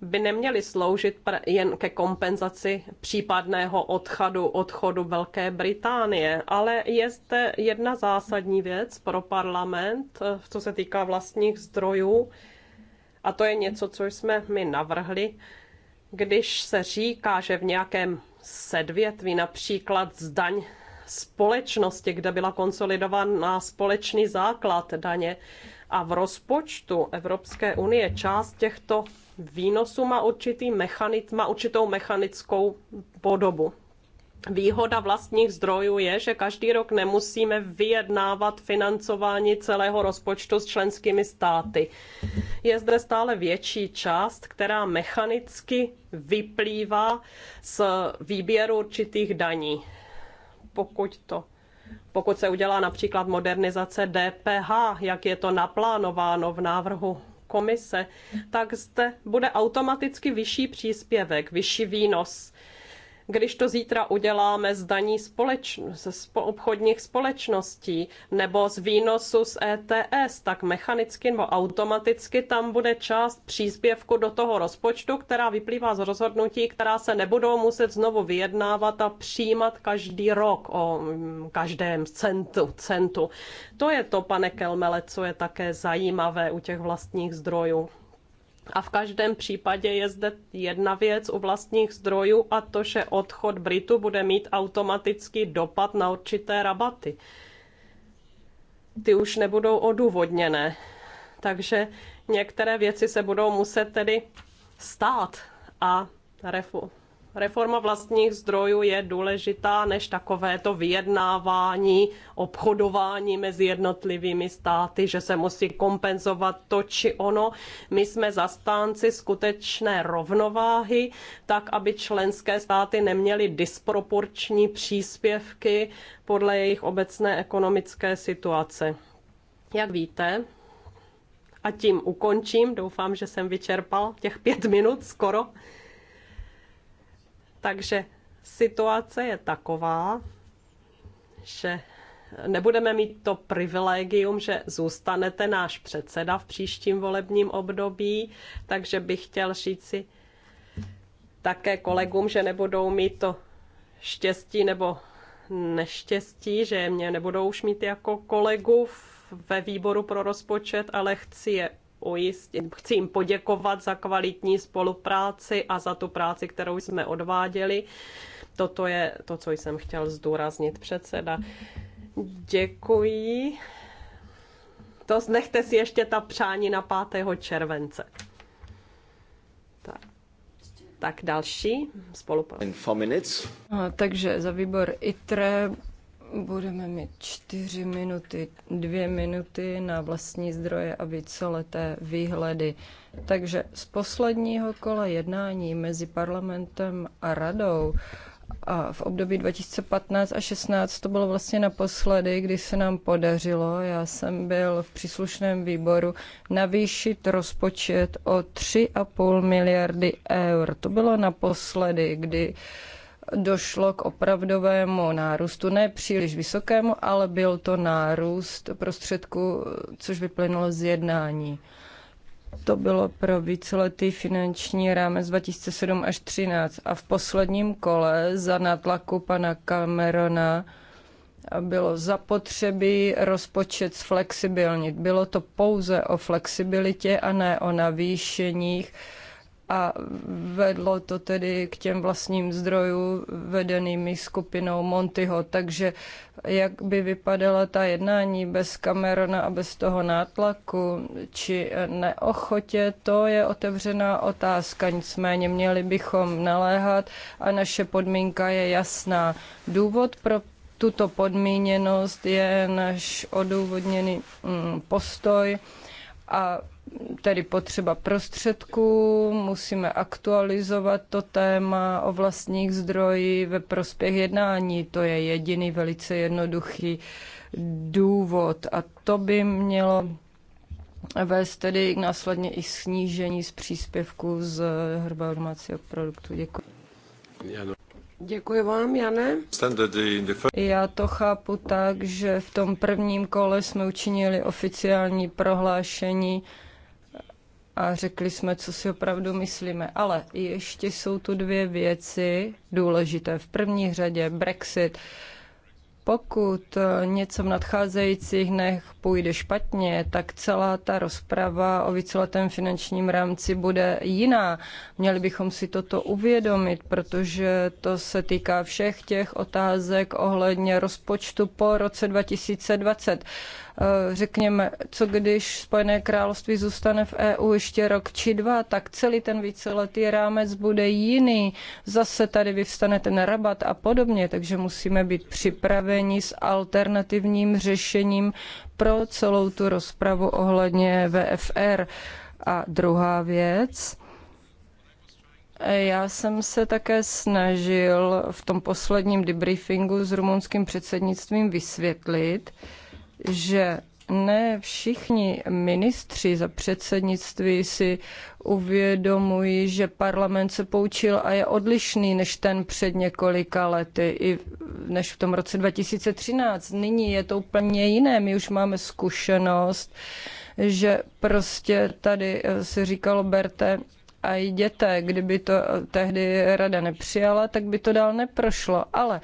by neměly sloužit jen ke kompenzaci případného odchodu, odchodu Velké Británie, ale je zde jedna zásadní věc pro parlament, co se týká vlastních zdrojů, a to je něco, co jsme my navrhli, když se říká, že v nějakém sedvětví, například zdaň společnosti, kde byla konsolidována společný základ daně a v rozpočtu Evropské unie část těchto výnosů má, určitý mechanit, má určitou mechanickou podobu. Výhoda vlastních zdrojů je, že každý rok nemusíme vyjednávat financování celého rozpočtu s členskými státy. Je zde stále větší část, která mechanicky vyplývá z výběru určitých daní pokud to pokud se udělá například modernizace DPH, jak je to naplánováno v návrhu komise, tak zde bude automaticky vyšší příspěvek, vyšší výnos když to zítra uděláme z daní společ, z obchodních společností nebo z výnosu z ETS, tak mechanicky nebo automaticky tam bude část příspěvku do toho rozpočtu, která vyplývá z rozhodnutí, která se nebudou muset znovu vyjednávat a přijímat každý rok o mm, každém centu. centu. To je to, pane Kelmele, co je také zajímavé u těch vlastních zdrojů. A v každém případě je zde jedna věc u vlastních zdrojů a to, že odchod Britu bude mít automatický dopad na určité rabaty. Ty už nebudou odůvodněné. Takže některé věci se budou muset tedy stát a refu, Reforma vlastních zdrojů je důležitá než takovéto vyjednávání, obchodování mezi jednotlivými státy, že se musí kompenzovat to či ono. My jsme zastánci skutečné rovnováhy, tak aby členské státy neměly disproporční příspěvky podle jejich obecné ekonomické situace. Jak víte, a tím ukončím, doufám, že jsem vyčerpal těch pět minut skoro. Takže situace je taková, že nebudeme mít to privilegium, že zůstanete náš předseda v příštím volebním období, takže bych chtěl si také kolegům, že nebudou mít to štěstí nebo neštěstí, že mě nebudou už mít jako kolegu ve výboru pro rozpočet, ale chci je ujistit, chci jim poděkovat za kvalitní spolupráci a za tu práci, kterou jsme odváděli. Toto je to, co jsem chtěl zdůraznit předseda. Děkuji. To nechte si ještě ta přání na 5. července. Tak, tak další spolupráce. Takže za výbor ITRE Budeme mít čtyři minuty, dvě minuty na vlastní zdroje a víceleté výhledy. Takže z posledního kola jednání mezi parlamentem a radou a v období 2015 a 16 to bylo vlastně naposledy, kdy se nám podařilo, já jsem byl v příslušném výboru, navýšit rozpočet o 3,5 miliardy eur. To bylo naposledy, kdy uh, došlo k opravdovému nárůstu, ne příliš vysokému, ale byl to nárůst prostředku, což vyplynulo z jednání. To bylo pro víceletý finanční rámec 2007 až 2013 a v posledním kole za nátlaku pana Camerona bylo zapotřebí rozpočet zflexibilnit. Bylo to pouze o flexibilitě a ne o navýšeních a vedlo to tedy k těm vlastním zdrojům vedenými skupinou Montyho. Takže jak by vypadala ta jednání bez Camerona a bez toho nátlaku či neochotě, to je otevřená otázka. Nicméně měli bychom naléhat a naše podmínka je jasná. Důvod pro tuto podmíněnost je náš odůvodněný mm, postoj a tedy potřeba prostředků, musíme aktualizovat to téma o vlastních zdroji ve prospěch jednání. To je jediný velice jednoduchý důvod a to by mělo vést tedy následně i snížení z příspěvku z hrubého domácího produktu. Děkuji. Děkuji vám, Jane. Já to chápu tak, že v tom prvním kole jsme učinili oficiální prohlášení, a řekli jsme, co si opravdu myslíme. Ale ještě jsou tu dvě věci důležité. V první řadě Brexit. Pokud něco v nadcházejících dnech půjde špatně, tak celá ta rozprava o víceletém finančním rámci bude jiná. Měli bychom si toto uvědomit, protože to se týká všech těch otázek ohledně rozpočtu po roce 2020. Eh, řekněme, co když Spojené království zůstane v EU ještě rok či dva, tak celý ten víceletý rámec bude jiný. Zase tady vyvstane ten rabat a podobně, takže musíme být připraveni s alternativním řešením pro celou tu rozpravu ohledně VFR. A druhá věc, já jsem se také snažil v tom posledním debriefingu s rumunským předsednictvím vysvětlit, že ne všichni ministři za předsednictví si uvědomují, že parlament se poučil a je odlišný než ten před několika lety, i než v tom roce 2013. Nyní je to úplně jiné. My už máme zkušenost, že prostě tady eh, se říkalo, berte a jděte. Kdyby to eh, tehdy rada nepřijala, tak by to dál neprošlo. Ale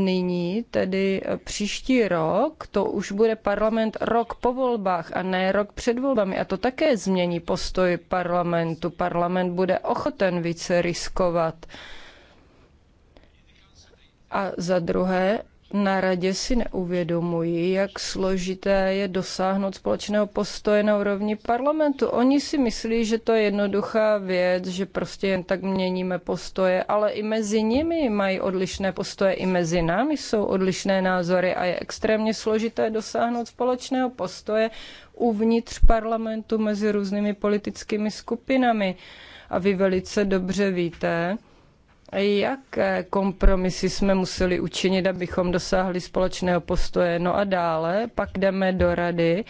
nyní, tedy příští rok, to už bude parlament rok po volbách a ne rok před volbami. A to také změní postoj parlamentu. Parlament bude ochoten více riskovat. A za druhé, na radě si neuvědomují, jak složité je dosáhnout společného postoje na úrovni parlamentu. Oni si myslí, že to je jednoduchá věc, že prostě jen tak měníme postoje, ale i mezi nimi mají odlišné postoje, i mezi námi jsou odlišné názory a je extrémně složité dosáhnout společného postoje uvnitř parlamentu mezi různými politickými skupinami. A vy velice dobře víte, Jaké eh, kompromisy jsme museli učinit, abychom dosáhli společného postoje? No a dále pak jdeme do rady,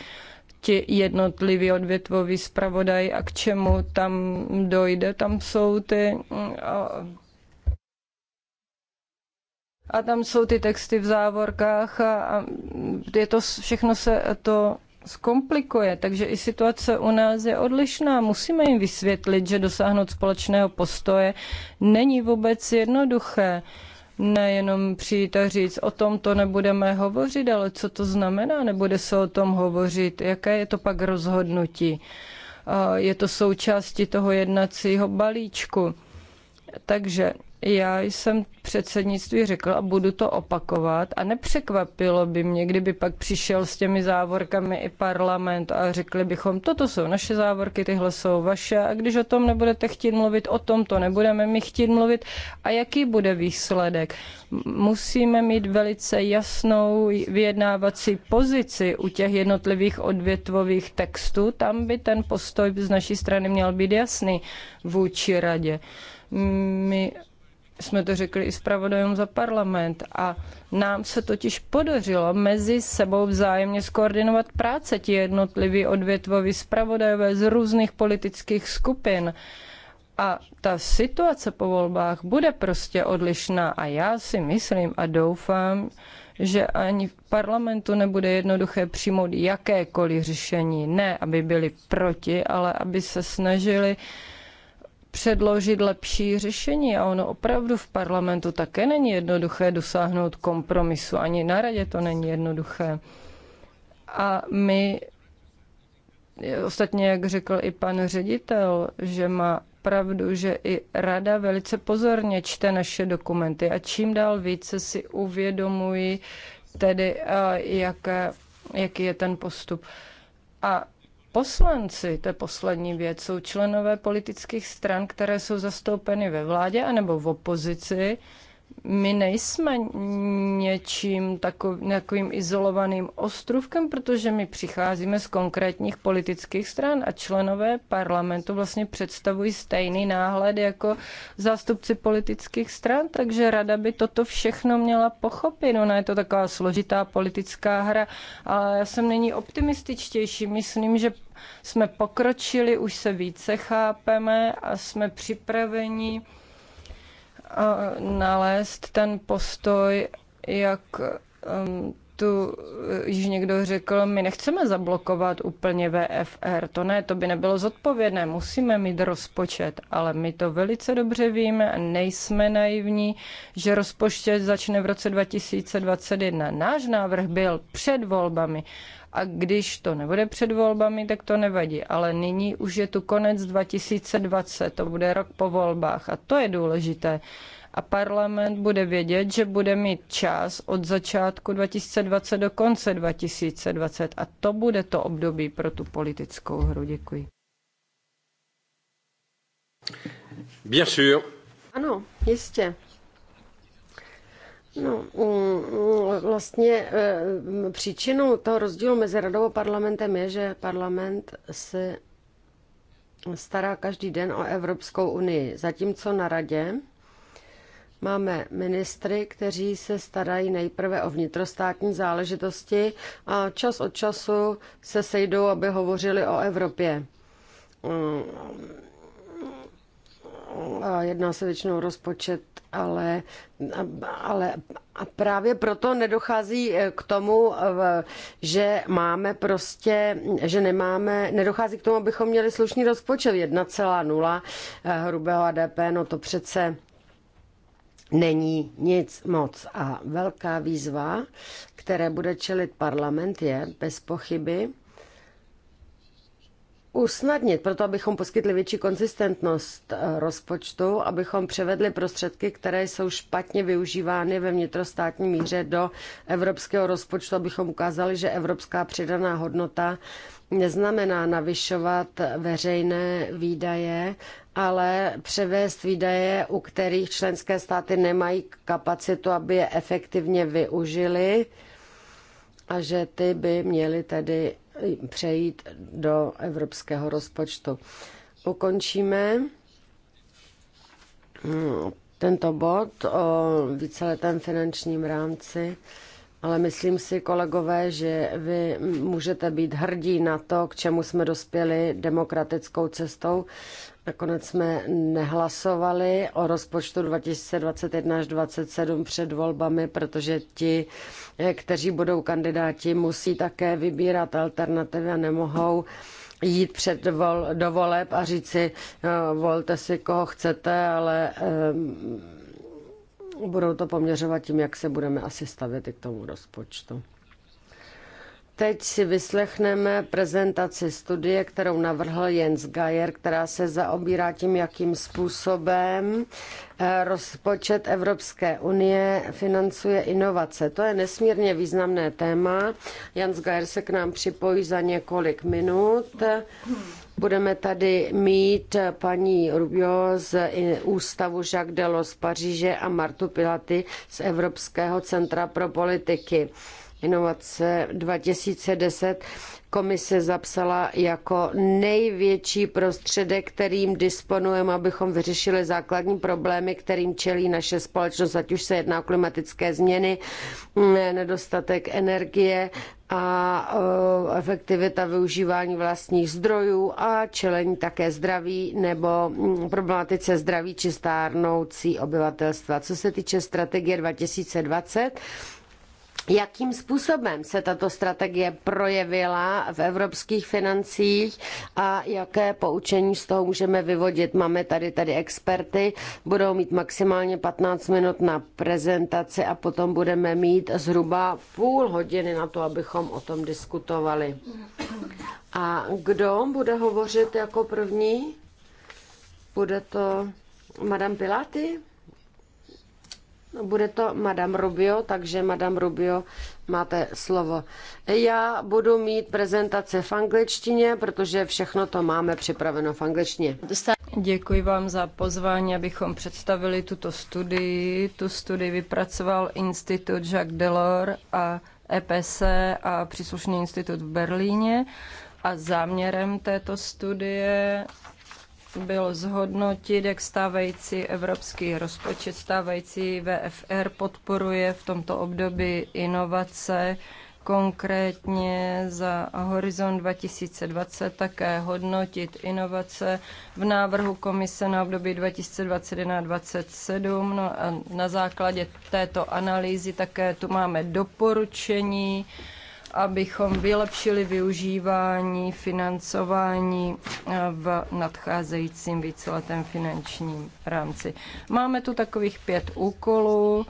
ti jednotliví odvětvoví zpravodaj a k čemu tam dojde. Tam jsou ty... Mm, a tam jsou ty texty v závorkách a, a je to všechno se to zkomplikuje, takže i situace u nás je odlišná. Musíme jim vysvětlit, že dosáhnout společného postoje není vůbec jednoduché. Nejenom přijít a říct, o tom to nebudeme hovořit, ale co to znamená, nebude se o tom hovořit, jaké je to pak rozhodnutí. Je to součástí toho jednacího balíčku. Takže já jsem předsednictví řekl a budu to opakovat a nepřekvapilo by mě, kdyby pak přišel s těmi závorkami i parlament a řekli bychom, toto jsou naše závorky, tyhle jsou vaše a když o tom nebudete chtít mluvit, o tom to nebudeme my chtít mluvit a jaký bude výsledek. Musíme mít velice jasnou vyjednávací pozici u těch jednotlivých odvětvových textů, tam by ten postoj z naší strany měl být jasný vůči radě. My jsme to řekli i zpravodajům za parlament a nám se totiž podařilo mezi sebou vzájemně skoordinovat práce ti jednotliví odvětvoví zpravodajové z různých politických skupin. A ta situace po volbách bude prostě odlišná a já si myslím a doufám, že ani v parlamentu nebude jednoduché přijmout jakékoliv řešení. Ne, aby byli proti, ale aby se snažili uh, předložit lepší řešení a ono opravdu v parlamentu také není jednoduché dosáhnout kompromisu, ani na radě to není jednoduché. A my, ostatně jak řekl i pan ředitel, že má pravdu, že i rada velice pozorně čte naše dokumenty a čím dál více si uvědomují tedy, jaké, jaký je ten postup. A poslanci, to je poslední věc, jsou členové politických stran, které jsou zastoupeny ve vládě anebo v opozici, my nejsme něčím takovým, izolovaným ostrovkem, protože my přicházíme z konkrétních politických stran a členové parlamentu vlastně představují stejný náhled jako zástupci politických stran, takže rada by toto všechno měla pochopit. Ona je to taková složitá politická hra, ale já jsem není optimističtější. Myslím, že jsme pokročili, už se více chápeme a jsme připraveni nalézt ten postoj, jak um, tu eh, již někdo řekl, my nechceme zablokovat úplně VFR, to ne, to by nebylo zodpovědné, musíme mít rozpočet, ale my to velice dobře víme a nejsme naivní, že rozpočet začne v roce 2021. Náš návrh byl před volbami a když to nebude před volbami, tak to nevadí. Ale nyní už je tu konec 2020, to bude rok po volbách a to je důležité. A parlament bude vědět, že bude mít čas od začátku 2020 do konce 2020. A to bude to období pro tu politickou hru. Děkuji. Bien sûr. Ano, jistě. No, mm, vlastně eh, příčinou toho rozdílu mezi radou a parlamentem je, že parlament se stará každý den o Evropskou unii, zatímco na radě Máme ministry, kteří se starají nejprve o vnitrostátní záležitosti a čas od času se sejdou, aby hovořili o Evropě. Mm. A jedná se většinou rozpočet ale, ale a právě proto nedochází eh, k tomu, že máme prostě, že nemáme, nedochází k tomu, abychom měli slušný rozpočet 1,0 eh, hrubého ADP, no to přece není nic moc. A velká výzva, které bude čelit parlament, je bez pochyby, usnadnit, proto abychom poskytli větší konzistentnost eh, rozpočtu, abychom převedli prostředky, které jsou špatně využívány ve vnitrostátní míře do evropského rozpočtu, abychom ukázali, že evropská přidaná hodnota neznamená navyšovat veřejné výdaje, ale převést výdaje, u kterých členské státy nemají kapacitu, aby je efektivně využili a že ty by měly tedy přejít do evropského rozpočtu. Ukončíme hm, tento bod o víceletém finančním rámci. Ale myslím si, kolegové, že vy můžete být hrdí na to, k čemu jsme dospěli demokratickou cestou Nakonec jsme nehlasovali o rozpočtu 2021 až 2027 před volbami, protože ti, eh, kteří budou kandidáti, musí také vybírat alternativy a nemohou jít před vol, do voleb a říci, eh, volte si, koho chcete, ale um, budou to poměřovat tím, jak se budeme asi stavět i k tomu rozpočtu. Teď si vyslechneme prezentaci studie, kterou navrhl Jens Geier, která se zaobírá tím, jakým způsobem eh, rozpočet Evropské unie financuje inovace. To je nesmírně významné téma. Jens Geier se k nám připojí za několik minut. Budeme tady mít paní Rubio z Ústavu Jacques Delors z Paříže a Martu Pilaty z Evropského centra pro politiky inovace 2010 komise zapsala jako největší prostředek, kterým disponujeme, abychom vyřešili základní problémy, kterým čelí naše společnost, ať už se jedná o klimatické změny, mm, nedostatek energie a efektivita využívání vlastních zdrojů a čelení také zdraví nebo mm, problematice zdraví či stárnoucí obyvatelstva. Co se týče strategie 2020, jakým způsobem se tato strategie projevila v evropských financích a jaké poučení z toho můžeme vyvodit. Máme tady tady experty, budou mít maximálně 15 minut na prezentaci a potom budeme mít zhruba půl hodiny na to, abychom o tom diskutovali. A kdo bude hovořit jako první? Bude to Madame Pilaty? No, bude to Madame Rubio, takže Madame Rubio, máte slovo. Já budu mít prezentace v angličtině, protože všechno to máme připraveno v angličtině. Děkuji vám za pozvání, abychom představili tuto studii. Tu studii vypracoval Institut Jacques Delors a EPC a příslušný institut v Berlíně. A záměrem této studie bylo zhodnotit, jak stávající evropský rozpočet, stávající VFR podporuje v tomto období inovace, konkrétně za Horizon 2020 také hodnotit inovace v návrhu komise na období 2021-2027. No a na základě této analýzy také tu máme doporučení abychom vylepšili využívání financování eh, v nadcházejícím víceletém finančním rámci. Máme tu takových pět úkolů.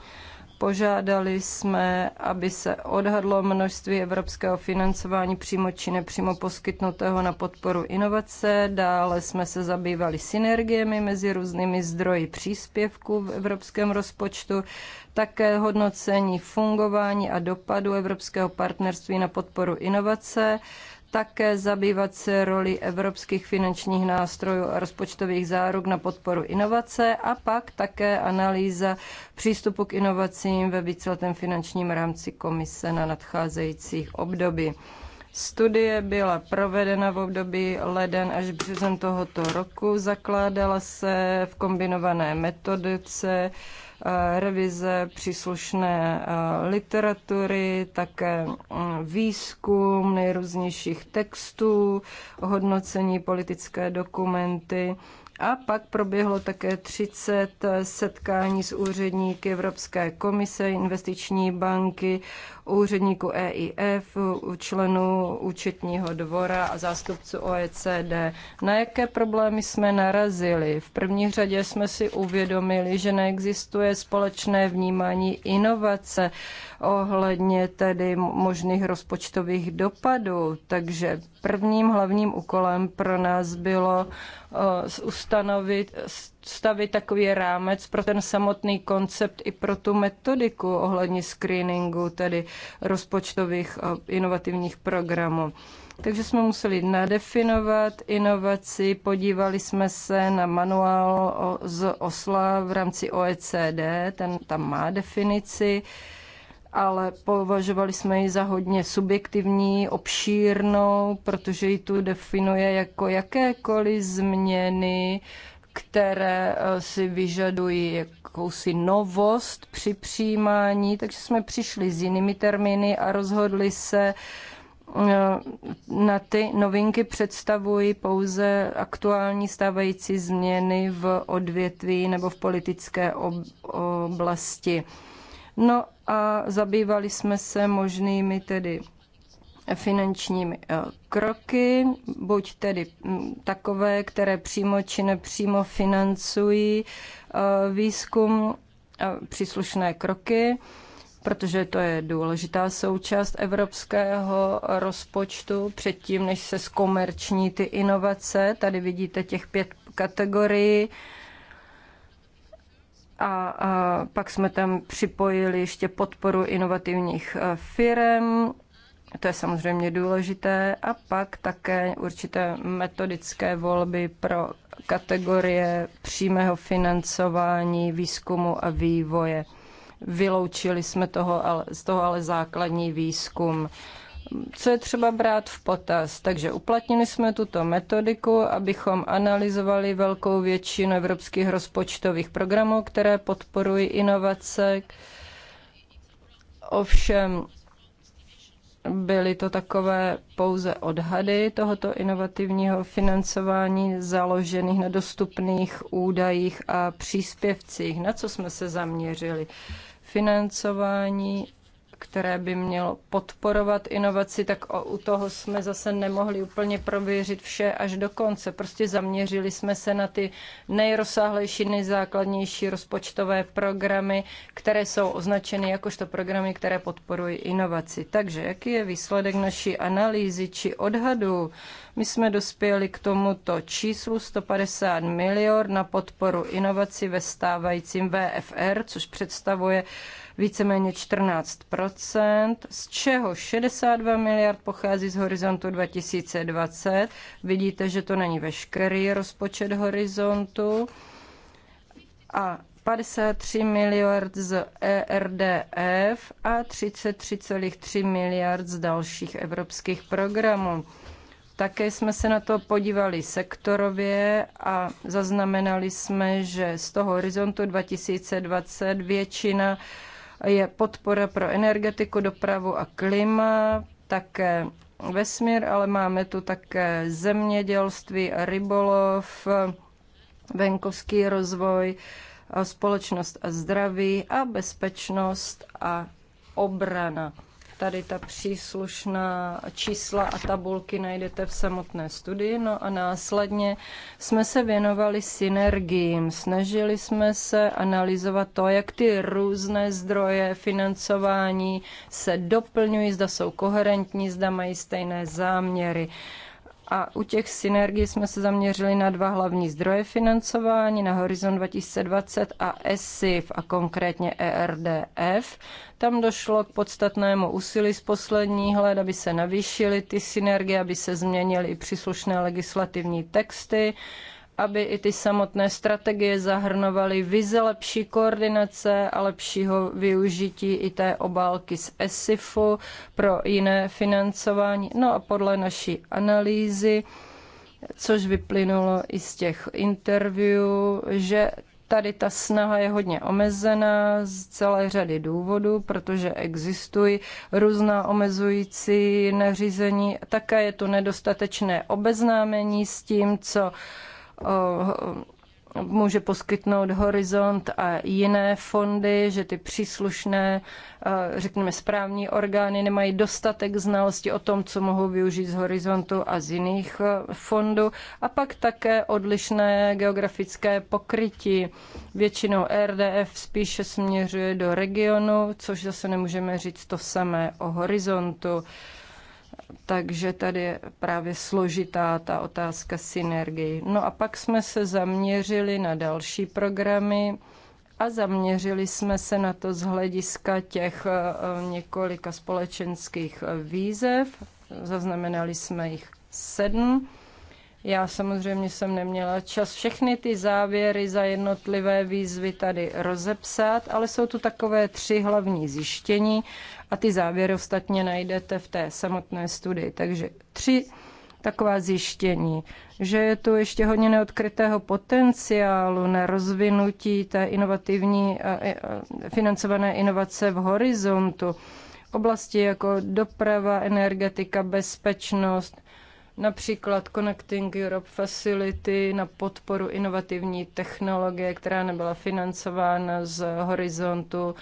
Požádali jsme, aby se odhadlo množství evropského financování přímo či nepřímo poskytnutého na podporu inovace. Dále jsme se zabývali synergiemi mezi různými zdroji příspěvků v evropském rozpočtu, také hodnocení fungování a dopadu evropského partnerství na podporu inovace také zabývat se roli evropských finančních nástrojů a rozpočtových záruk na podporu inovace a pak také analýza přístupu k inovacím ve víceletém finančním rámci komise na nadcházejících období. Studie byla provedena v období leden až březen tohoto roku, zakládala se v kombinované metodice Eh, revize příslušné eh, literatury, také hm, výzkum nejrůznějších textů, hodnocení politické dokumenty. A pak proběhlo také 30 eh, setkání s úředníky Evropské komise, investiční banky, úředníků EIF, členů účetního dvora a zástupců OECD. Na jaké problémy jsme narazili? V první řadě jsme si uvědomili, že neexistuje společné vnímání inovace ohledně tedy možných rozpočtových dopadů. Takže prvním hlavním úkolem pro nás bylo eh, ustanovit nastavit takový rámec pro ten samotný koncept i pro tu metodiku ohledně screeningu, tedy rozpočtových inovativních programů. Takže jsme museli nadefinovat inovaci, podívali jsme se na manuál z Osla v rámci OECD, ten tam má definici, ale považovali jsme ji za hodně subjektivní, obšírnou, protože ji tu definuje jako jakékoliv změny které eh, si vyžadují jakousi novost při přijímání, takže jsme přišli s jinými termíny a rozhodli se, eh, na ty novinky představují pouze aktuální stávající změny v odvětví nebo v politické oblasti. No a zabývali jsme se možnými tedy finančními eh, kroky, buď tedy mm, takové, které přímo či nepřímo financují eh, výzkum eh, příslušné kroky, protože to je důležitá součást evropského rozpočtu. Předtím, než se zkomerční ty inovace, tady vidíte těch pět kategorií, a, a pak jsme tam připojili ještě podporu inovativních firm to je samozřejmě důležité. A pak také určité metodické volby pro kategorie přímého financování, výzkumu a vývoje. Vyloučili jsme toho, ale, z toho ale základní výzkum co je třeba brát v potaz. Takže uplatnili jsme tuto metodiku, abychom analyzovali velkou většinu evropských rozpočtových programů, které podporují inovace. Ovšem Byly to takové pouze odhady tohoto inovativního financování založených na dostupných údajích a příspěvcích. Na co jsme se zaměřili? Financování které by mělo podporovat inovaci, tak o, u toho jsme zase nemohli úplně prověřit vše až do konce. Prostě zaměřili jsme se na ty nejrozsáhlejší, nejzákladnější rozpočtové programy, které jsou označeny jakožto programy, které podporují inovaci. Takže jaký je výsledek naší analýzy či odhadu? My jsme dospěli k tomuto číslu 150 miliard na podporu inovací ve stávajícím VFR, což představuje víceméně 14 z čeho 62 miliard pochází z horizontu 2020. Vidíte, že to není veškerý rozpočet horizontu. A 53 miliard z ERDF a 33,3 miliard z dalších evropských programů. Také jsme se na to podívali sektorově a zaznamenali jsme, že z toho horizontu 2020 většina je podpora pro energetiku, dopravu a klima, také vesmír, ale máme tu také zemědělství a rybolov, venkovský rozvoj, společnost a zdraví a bezpečnost a obrana. Tady ta příslušná čísla a tabulky najdete v samotné studii. No a následně jsme se věnovali synergiím. Snažili jsme se analyzovat to, jak ty různé zdroje financování se doplňují, zda jsou koherentní, zda mají stejné záměry. A u těch synergií jsme se zaměřili na dva hlavní zdroje financování, na Horizon 2020 a ESIF a konkrétně ERDF. Tam došlo k podstatnému úsilí z posledních let, aby se navýšily ty synergie, aby se změnily i příslušné legislativní texty aby i ty samotné strategie zahrnovaly vize lepší koordinace a lepšího využití i té obálky z ESIFu pro jiné financování. No a podle naší analýzy, což vyplynulo i z těch interview, že tady ta snaha je hodně omezená z celé řady důvodů, protože existují různá omezující nařízení. Také je tu nedostatečné obeznámení s tím, co Eh, eh, může poskytnout Horizont a jiné fondy, že ty příslušné, eh, řekněme, správní orgány nemají dostatek znalosti o tom, co mohou využít z Horizontu a z jiných fondů. A pak také odlišné geografické pokrytí. Většinou RDF spíše směřuje do regionu, což zase nemůžeme říct to samé o Horizontu. Takže tady je právě složitá ta otázka synergii. No a pak jsme se zaměřili na další programy a zaměřili jsme se na to z hlediska těch eh, několika společenských eh, výzev. Zaznamenali jsme jich sedm já samozřejmě jsem neměla čas všechny ty závěry za jednotlivé výzvy tady rozepsat, ale jsou tu takové tři hlavní zjištění a ty závěry ostatně najdete v té samotné studii. Takže tři taková zjištění, že je tu ještě hodně neodkrytého potenciálu na rozvinutí té inovativní financované inovace v horizontu. Oblasti jako doprava, energetika, bezpečnost, například Connecting Europe Facility na podporu inovativní technologie, která nebyla financována z horizontu,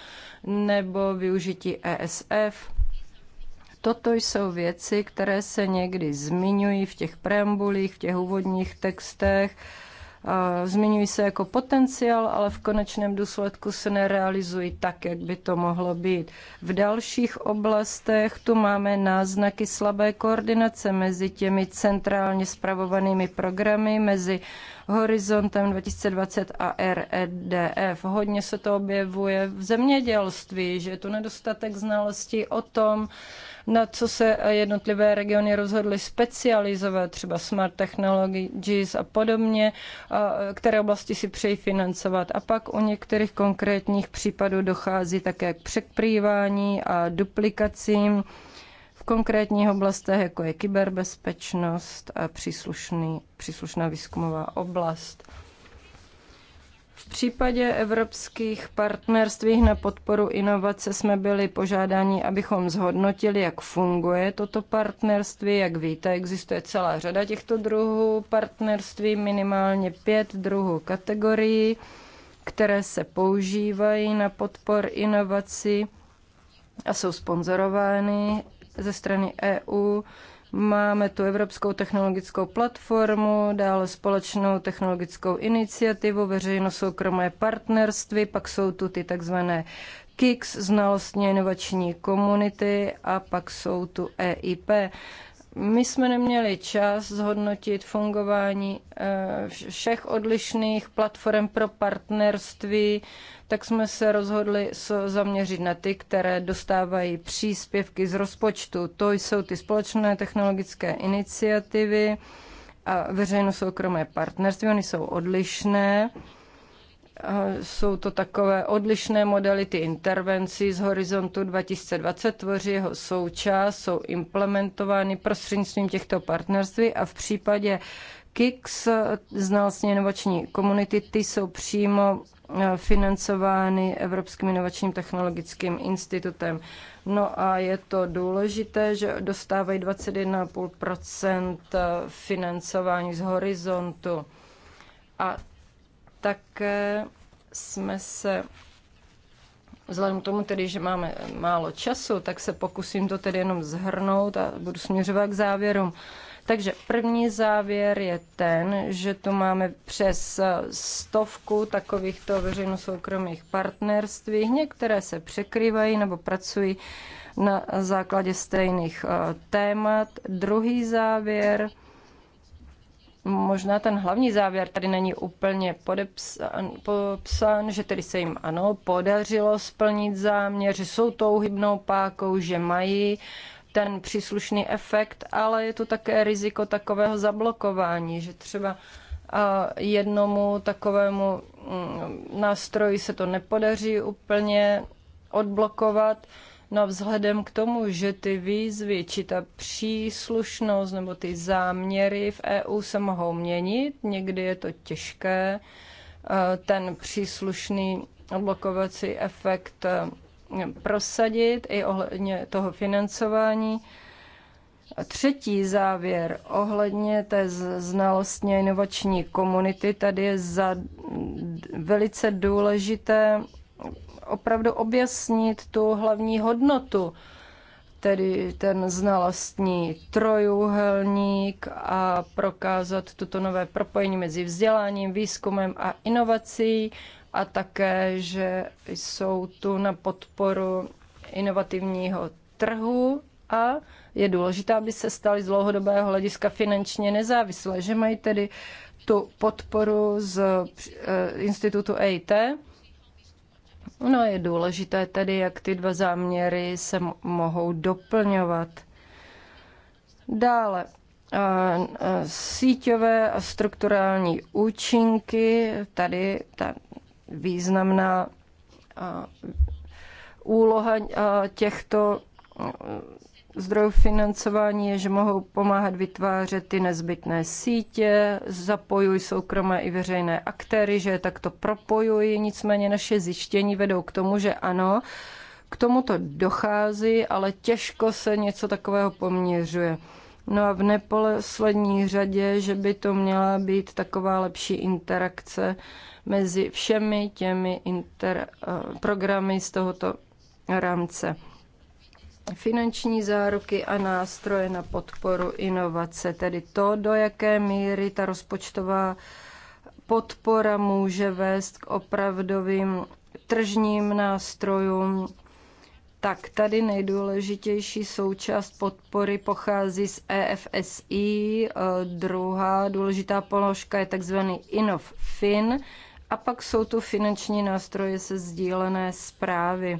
nebo využití ESF. Toto jsou věci, které se někdy zmiňují v těch preambulích, v těch úvodních textech, zmiňují se jako potenciál, ale v konečném důsledku se nerealizují tak, jak by to mohlo být. V dalších oblastech tu máme náznaky slabé koordinace mezi těmi centrálně spravovanými programy, mezi Horizontem 2020 a REDF. Hodně se to objevuje v zemědělství, že je tu nedostatek znalostí o tom, na co se jednotlivé regiony rozhodly specializovat, třeba smart technologies a podobně, které oblasti si přejí financovat. A pak u některých konkrétních případů dochází také k překrývání a duplikacím konkrétních oblastech, jako je kyberbezpečnost a příslušný, příslušná výzkumová oblast. V případě evropských partnerství na podporu inovace jsme byli požádáni, abychom zhodnotili, jak funguje toto partnerství. Jak víte, existuje celá řada těchto druhů partnerství, minimálně pět druhů kategorií, které se používají na podpor inovací a jsou sponzorovány ze strany EU. Máme tu Evropskou technologickou platformu, dále společnou technologickou iniciativu, veřejno-soukromé partnerství, pak jsou tu ty takzvané KICS, znalostně inovační komunity a pak jsou tu EIP. My jsme neměli čas zhodnotit fungování eh, všech odlišných platform pro partnerství, tak jsme se rozhodli zaměřit na ty, které dostávají příspěvky z rozpočtu. To jsou ty společné technologické iniciativy a veřejno-soukromé partnerství. Ony jsou odlišné jsou to takové odlišné modality intervencí z horizontu 2020, tvoří jeho součást, jsou implementovány prostřednictvím těchto partnerství a v případě KICS, znalostně inovační komunity, ty jsou přímo e, financovány Evropským inovačním technologickým institutem. No a je to důležité, že dostávají 21,5 e, financování z horizontu. A tak jsme se, vzhledem k tomu tedy, že máme málo času, tak se pokusím to tedy jenom zhrnout a budu směřovat k závěrům. Takže první závěr je ten, že tu máme přes stovku takovýchto veřejno-soukromých partnerství. Některé se překrývají nebo pracují na základě stejných eh, témat. Druhý závěr možná ten hlavní závěr tady není úplně podepsan, popsán, že tedy se jim ano, podařilo splnit záměr, že jsou tou hybnou pákou, že mají ten příslušný efekt, ale je to také riziko takového zablokování, že třeba jednomu takovému mm, nástroji se to nepodaří úplně odblokovat, No vzhledem k tomu, že ty výzvy či ta příslušnost nebo ty záměry v EU se mohou měnit, někdy je to těžké, eh, ten příslušný blokovací efekt eh, prosadit i ohledně toho financování. A třetí závěr ohledně té znalostně inovační komunity, tady je za velice důležité opravdu objasnit tu hlavní hodnotu, tedy ten znalostní trojuhelník a prokázat tuto nové propojení mezi vzděláním, výzkumem a inovací a také, že jsou tu na podporu inovativního trhu a je důležité, aby se staly z dlouhodobého hlediska finančně nezávislé, že mají tedy tu podporu z eh, institutu EIT No je důležité tedy, jak ty dva záměry se mohou doplňovat. Dále, síťové a strukturální účinky, tady ta významná úloha těchto zdrojů financování je, že mohou pomáhat vytvářet ty nezbytné sítě, zapojují soukromé i veřejné aktéry, že je takto propojují, nicméně naše zjištění vedou k tomu, že ano, k tomuto dochází, ale těžko se něco takového poměřuje. No a v neposlední řadě, že by to měla být taková lepší interakce mezi všemi těmi inter, eh, programy z tohoto rámce finanční záruky a nástroje na podporu inovace, tedy to, do jaké míry ta rozpočtová podpora může vést k opravdovým tržním nástrojům. Tak tady nejdůležitější součást podpory pochází z EFSI, e, druhá důležitá položka je takzvaný InnovFin a pak jsou tu finanční nástroje se sdílené zprávy.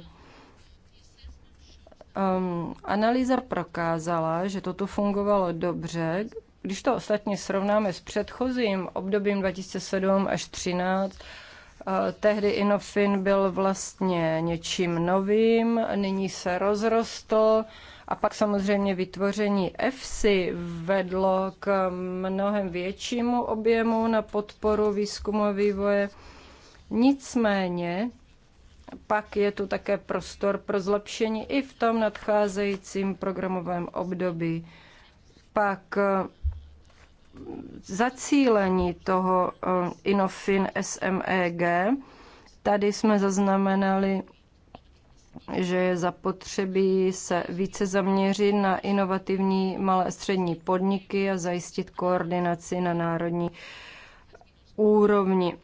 Um, analýza prokázala, že toto fungovalo dobře, když to ostatně srovnáme s předchozím obdobím 2007 až 2013, eh, Tehdy Inofin byl vlastně něčím novým, nyní se rozrostl a pak samozřejmě vytvoření EFSI vedlo k mnohem většímu objemu na podporu výzkumu a vývoje. Nicméně pak je tu také prostor pro zlepšení i v tom nadcházejícím programovém období. Pak eh, zacílení toho eh, Inofin SMEG. Tady jsme zaznamenali, že je zapotřebí se více zaměřit na inovativní malé a střední podniky a zajistit koordinaci na národní úrovni.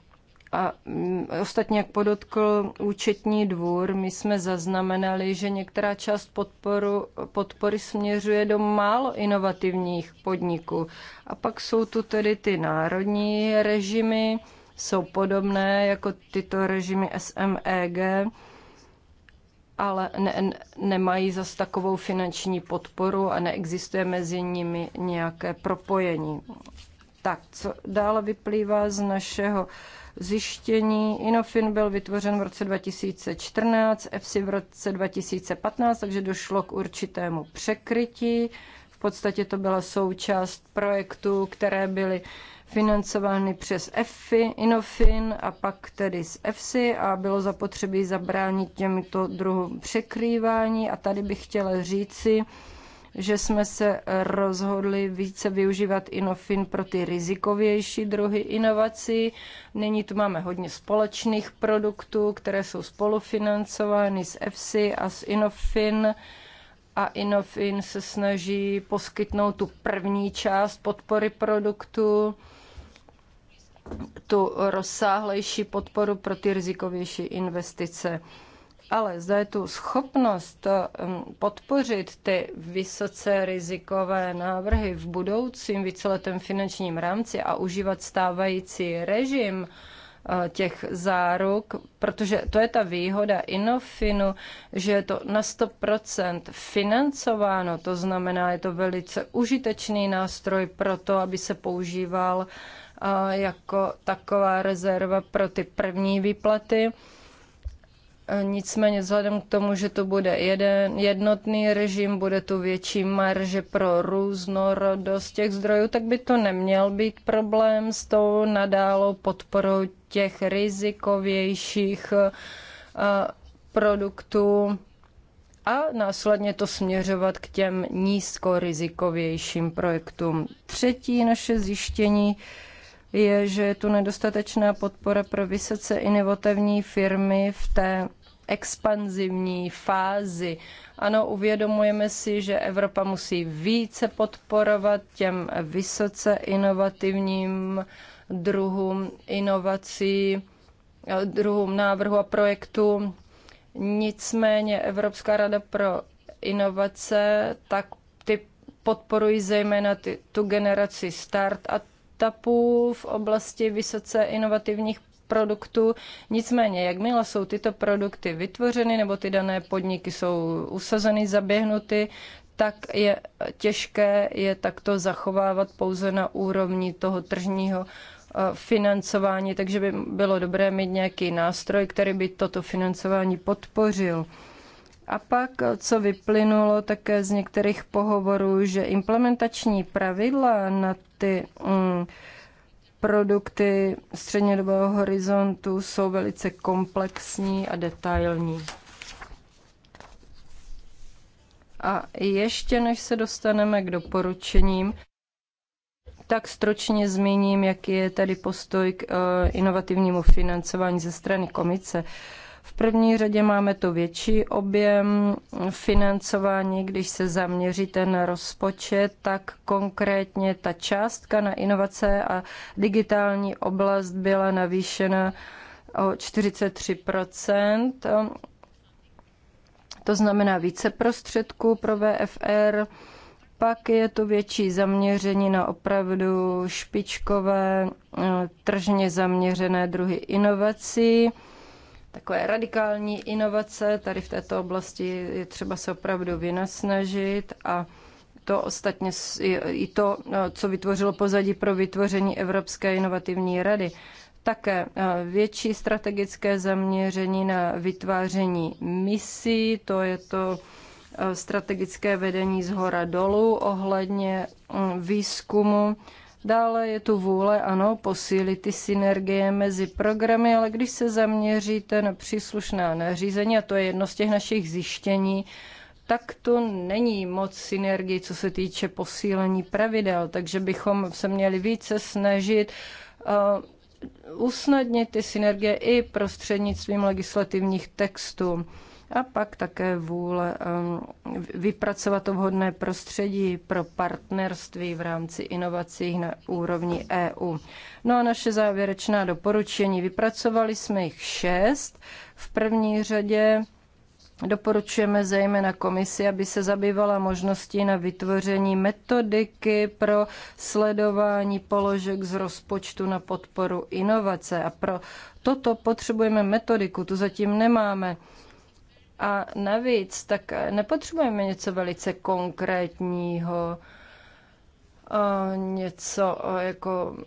A mm, ostatně, jak podotkl účetní dvůr, my jsme zaznamenali, že některá část podporu, podpory směřuje do málo inovativních podniků. A pak jsou tu tedy ty národní režimy, jsou podobné jako tyto režimy SMEG, ale ne, ne, nemají zas takovou finanční podporu a neexistuje mezi nimi nějaké propojení. Tak, co dále vyplývá z našeho uh, zjištění. Inofin byl vytvořen v roce 2014, EFSI v roce 2015, takže došlo k určitému překrytí. V podstatě to byla součást projektů, které byly financovány přes EFI, Inofin a pak tedy z EFSI a bylo zapotřebí zabránit těmito druhům překrývání. A tady bych chtěla říci, že jsme se rozhodli více využívat Inofin pro ty rizikovější druhy inovací. Nyní tu máme hodně společných produktů, které jsou spolufinancovány z EFSI a z Inofin a Inofin se snaží poskytnout tu první část podpory produktu, tu rozsáhlejší podporu pro ty rizikovější investice. Ale zda je tu schopnost eh, podpořit ty vysoce rizikové návrhy v budoucím víceletém finančním rámci a užívat stávající režim, eh, těch záruk, protože to je ta výhoda Inofinu, že je to na 100% financováno, to znamená, je to velice užitečný nástroj pro to, aby se používal eh, jako taková rezerva pro ty první výplaty Eh, nicméně vzhledem k tomu, že to bude jeden jednotný režim, bude tu větší marže pro různorodost těch zdrojů, tak by to neměl být problém s tou nadálou podporou těch rizikovějších eh, produktů a následně to směřovat k těm nízkorizikovějším projektům. Třetí naše zjištění je, že je tu nedostatečná podpora pro vysoce inovativní firmy v té expanzivní fázi. Ano, uvědomujeme si, že Evropa musí více podporovat těm vysoce inovativním druhům inovací, druhům návrhu a projektů. Nicméně Evropská rada pro inovace tak ty podporují zejména ty, tu generaci start a startupů v oblasti vysoce inovativních produktů. Nicméně, jakmile jsou tyto produkty vytvořeny nebo ty dané podniky jsou usazeny, zaběhnuty, tak je těžké je takto zachovávat pouze na úrovni toho tržního eh, financování, takže by bylo dobré mít nějaký nástroj, který by toto financování podpořil. A pak, co vyplynulo také z některých pohovorů, že implementační pravidla na ty mm, produkty střednědobého horizontu jsou velice komplexní a detailní. A ještě než se dostaneme k doporučením, tak stročně zmíním, jaký je tady postoj k eh, inovativnímu financování ze strany komice. Uh, v první řadě máme tu větší objem financování, když se zaměříte na rozpočet, tak konkrétně ta částka na inovace a digitální oblast byla navýšena o 43 to znamená více prostředků pro VFR, pak je tu větší zaměření na opravdu špičkové, eh, tržně zaměřené druhy inovací takové radikální inovace. Tady v této oblasti je třeba se opravdu vynasnažit a to ostatně i to, no, co vytvořilo pozadí pro vytvoření Evropské inovativní rady. Také eh, větší strategické zaměření na vytváření misí, to je to eh, strategické vedení z hora dolů ohledně mm, výzkumu Dále je tu vůle, ano, posílit ty synergie mezi programy, ale když se zaměříte na příslušná nařízení, a to je jedno z těch našich zjištění, tak to není moc synergie, co se týče posílení pravidel, takže bychom se měli více snažit uh, usnadnit ty synergie i prostřednictvím legislativních textů a pak také vůle eh, vypracovat to vhodné prostředí pro partnerství v rámci inovací na úrovni EU. No a naše závěrečná doporučení. Vypracovali jsme jich šest. V první řadě Doporučujeme zejména komisi, aby se zabývala možností na vytvoření metodiky pro sledování položek z rozpočtu na podporu inovace. A pro toto potřebujeme metodiku, tu zatím nemáme. A navíc, tak nepotřebujeme něco velice konkrétního, něco jako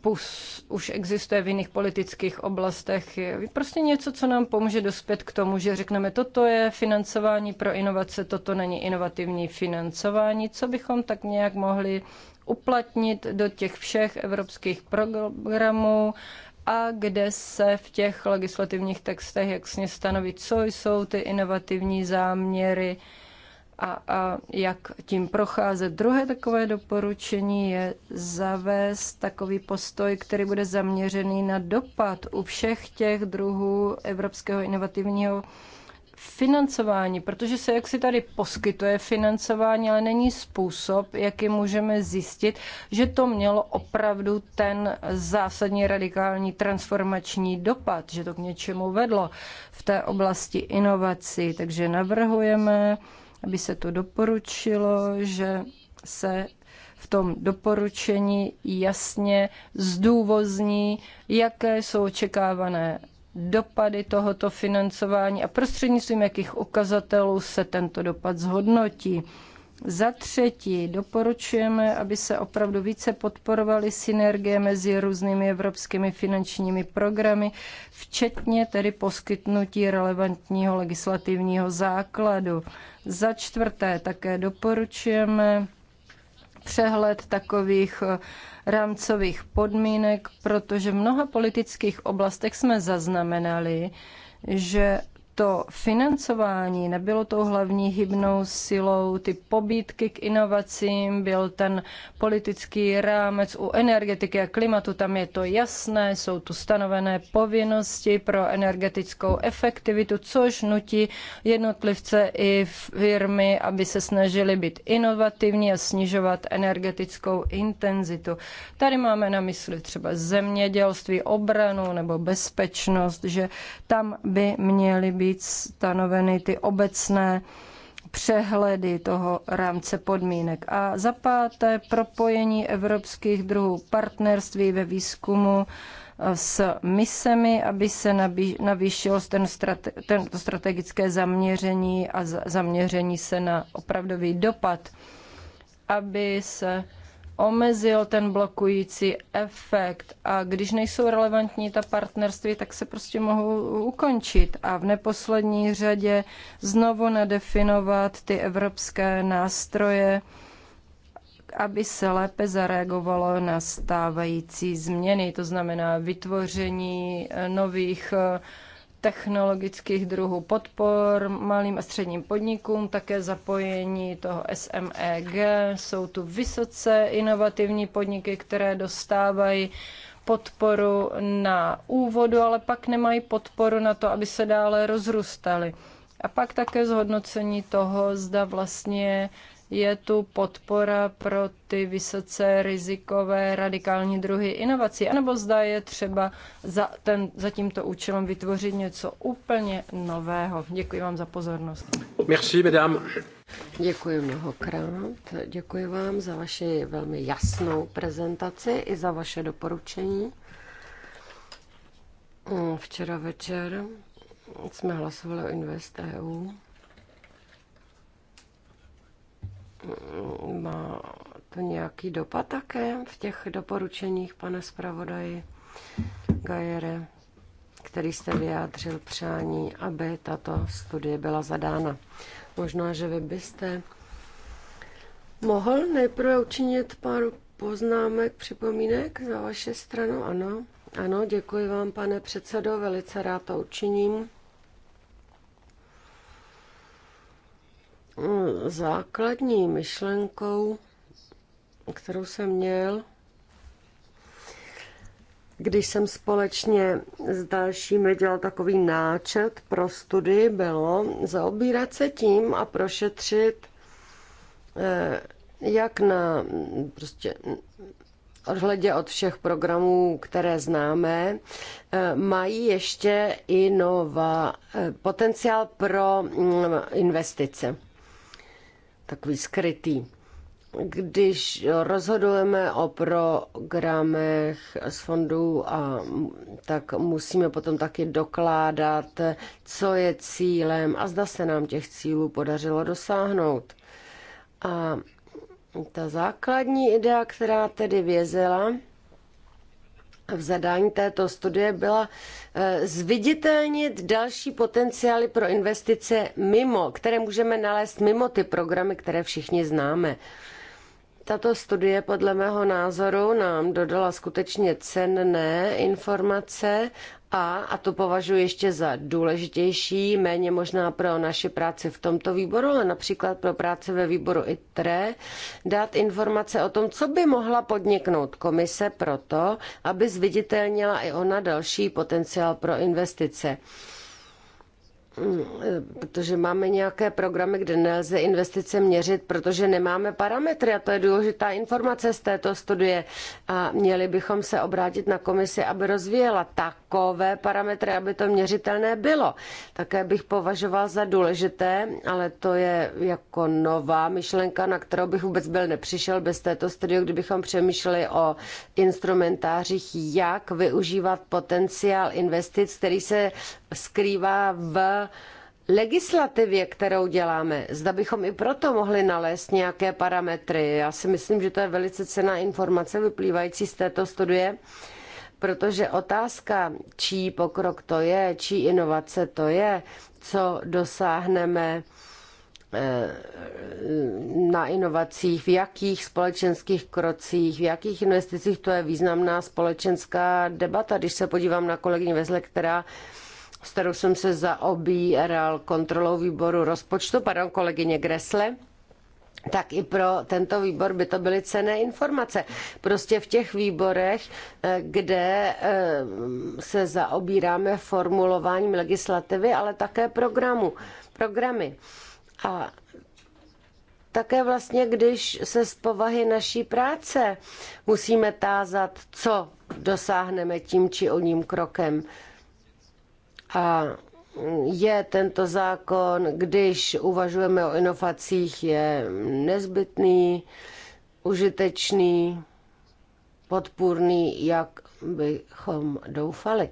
pus, už existuje v jiných politických oblastech. Prostě něco, co nám pomůže dospět k tomu, že řekneme, toto je financování pro inovace, toto není inovativní financování, co bychom tak nějak mohli uplatnit do těch všech evropských programů, a kde se v těch legislativních textech jasně stanoví, co jsou ty inovativní záměry a, a jak tím procházet. Druhé takové doporučení je zavést takový postoj, který bude zaměřený na dopad u všech těch druhů evropského inovativního financování, protože se jak si tady poskytuje financování, ale není způsob, jaký můžeme zjistit, že to mělo opravdu ten zásadní radikální transformační dopad, že to k něčemu vedlo v té oblasti inovací. Takže navrhujeme, aby se to doporučilo, že se v tom doporučení jasně zdůvozní, jaké jsou očekávané dopady tohoto financování a prostřednictvím jakých ukazatelů se tento dopad zhodnotí. Za třetí, doporučujeme, aby se opravdu více podporovaly synergie mezi různými evropskými finančními programy, včetně tedy poskytnutí relevantního legislativního základu. Za čtvrté, také doporučujeme přehled takových rámcových podmínek, protože v mnoha politických oblastech jsme zaznamenali, že to financování nebylo tou hlavní hybnou silou, ty pobídky k inovacím, byl ten politický rámec u energetiky a klimatu, tam je to jasné, jsou tu stanovené povinnosti pro energetickou efektivitu, což nutí jednotlivce i firmy, aby se snažili být inovativní a snižovat energetickou intenzitu. Tady máme na mysli třeba zemědělství, obranu nebo bezpečnost, že tam by měly být být stanoveny ty obecné přehledy toho rámce podmínek. A za páté propojení evropských druhů partnerství ve výzkumu eh, s misemi, aby se navýšilo ten strate, tento strategické zaměření a zaměření se na opravdový dopad, aby se omezil ten blokující efekt a když nejsou relevantní ta partnerství, tak se prostě mohou ukončit a v neposlední řadě znovu nadefinovat ty evropské nástroje, aby se lépe zareagovalo na stávající změny, to znamená vytvoření nových technologických druhů podpor malým a středním podnikům, také zapojení toho SMEG. Jsou tu vysoce inovativní podniky, které dostávají podporu na úvodu, ale pak nemají podporu na to, aby se dále rozrůstaly. A pak také zhodnocení toho, zda vlastně je tu podpora pro ty vysoce rizikové radikální druhy inovací, anebo zda je třeba za, ten, za tímto účelem vytvořit něco úplně nového. Děkuji vám za pozornost. Merci, madame. Děkuji mnohokrát. Děkuji vám za vaši velmi jasnou prezentaci i za vaše doporučení. Včera večer jsme hlasovali o Invest EU. Má to nějaký dopad také v těch doporučeních, pane zpravodaji Gajere, který jste vyjádřil přání, aby tato studie byla zadána. Možná, že vy byste mohl nejprve učinit pár poznámek, připomínek za vaše stranu. Ano, ano, děkuji vám, pane předsedo, velice rád to učiním. Základní myšlenkou, kterou jsem měl, když jsem společně s dalšími dělal takový náčet pro studii, bylo zaobírat se tím a prošetřit, eh, jak na prostě odhledě od všech programů, které známe, eh, mají ještě nová eh, potenciál pro mm, investice takový skrytý. Když rozhodujeme o programech z fondů, a, tak musíme potom taky dokládat, co je cílem a zda se nám těch cílů podařilo dosáhnout. A ta základní idea, která tedy vězela, v zadání této studie byla eh, zviditelnit další potenciály pro investice mimo, které můžeme nalézt mimo ty programy, které všichni známe. Tato studie podle mého názoru nám dodala skutečně cenné informace a, a to považuji ještě za důležitější, méně možná pro naši práci v tomto výboru, ale například pro práci ve výboru ITRE, dát informace o tom, co by mohla podniknout komise proto, aby zviditelnila i ona další potenciál pro investice protože máme nějaké programy, kde nelze investice měřit, protože nemáme parametry a to je důležitá informace z této studie. A měli bychom se obrátit na komisi, aby rozvíjela takové parametry, aby to měřitelné bylo. Také bych považoval za důležité, ale to je jako nová myšlenka, na kterou bych vůbec byl nepřišel bez této studie, kdybychom přemýšleli o instrumentářích, jak využívat potenciál investic, který se skrývá v legislativě, kterou děláme, zda bychom i proto mohli nalézt nějaké parametry. Já si myslím, že to je velice cená informace vyplývající z této studie, protože otázka, čí pokrok to je, čí inovace to je, co dosáhneme eh, na inovacích, v jakých společenských krocích, v jakých investicích, to je významná společenská debata. Když se podívám na kolegyni Vezle, která s kterou jsem se zaobíral kontrolou výboru rozpočtu, pardon, kolegyně Gresle, tak i pro tento výbor by to byly cené informace. Prostě v těch výborech, eh, kde eh, se zaobíráme formulováním legislativy, ale také programu, programy. A také vlastně, když se z povahy naší práce musíme tázat, co dosáhneme tím či oním krokem a je tento zákon, když uvažujeme o inovacích, je nezbytný, užitečný, podpůrný, jak bychom doufali.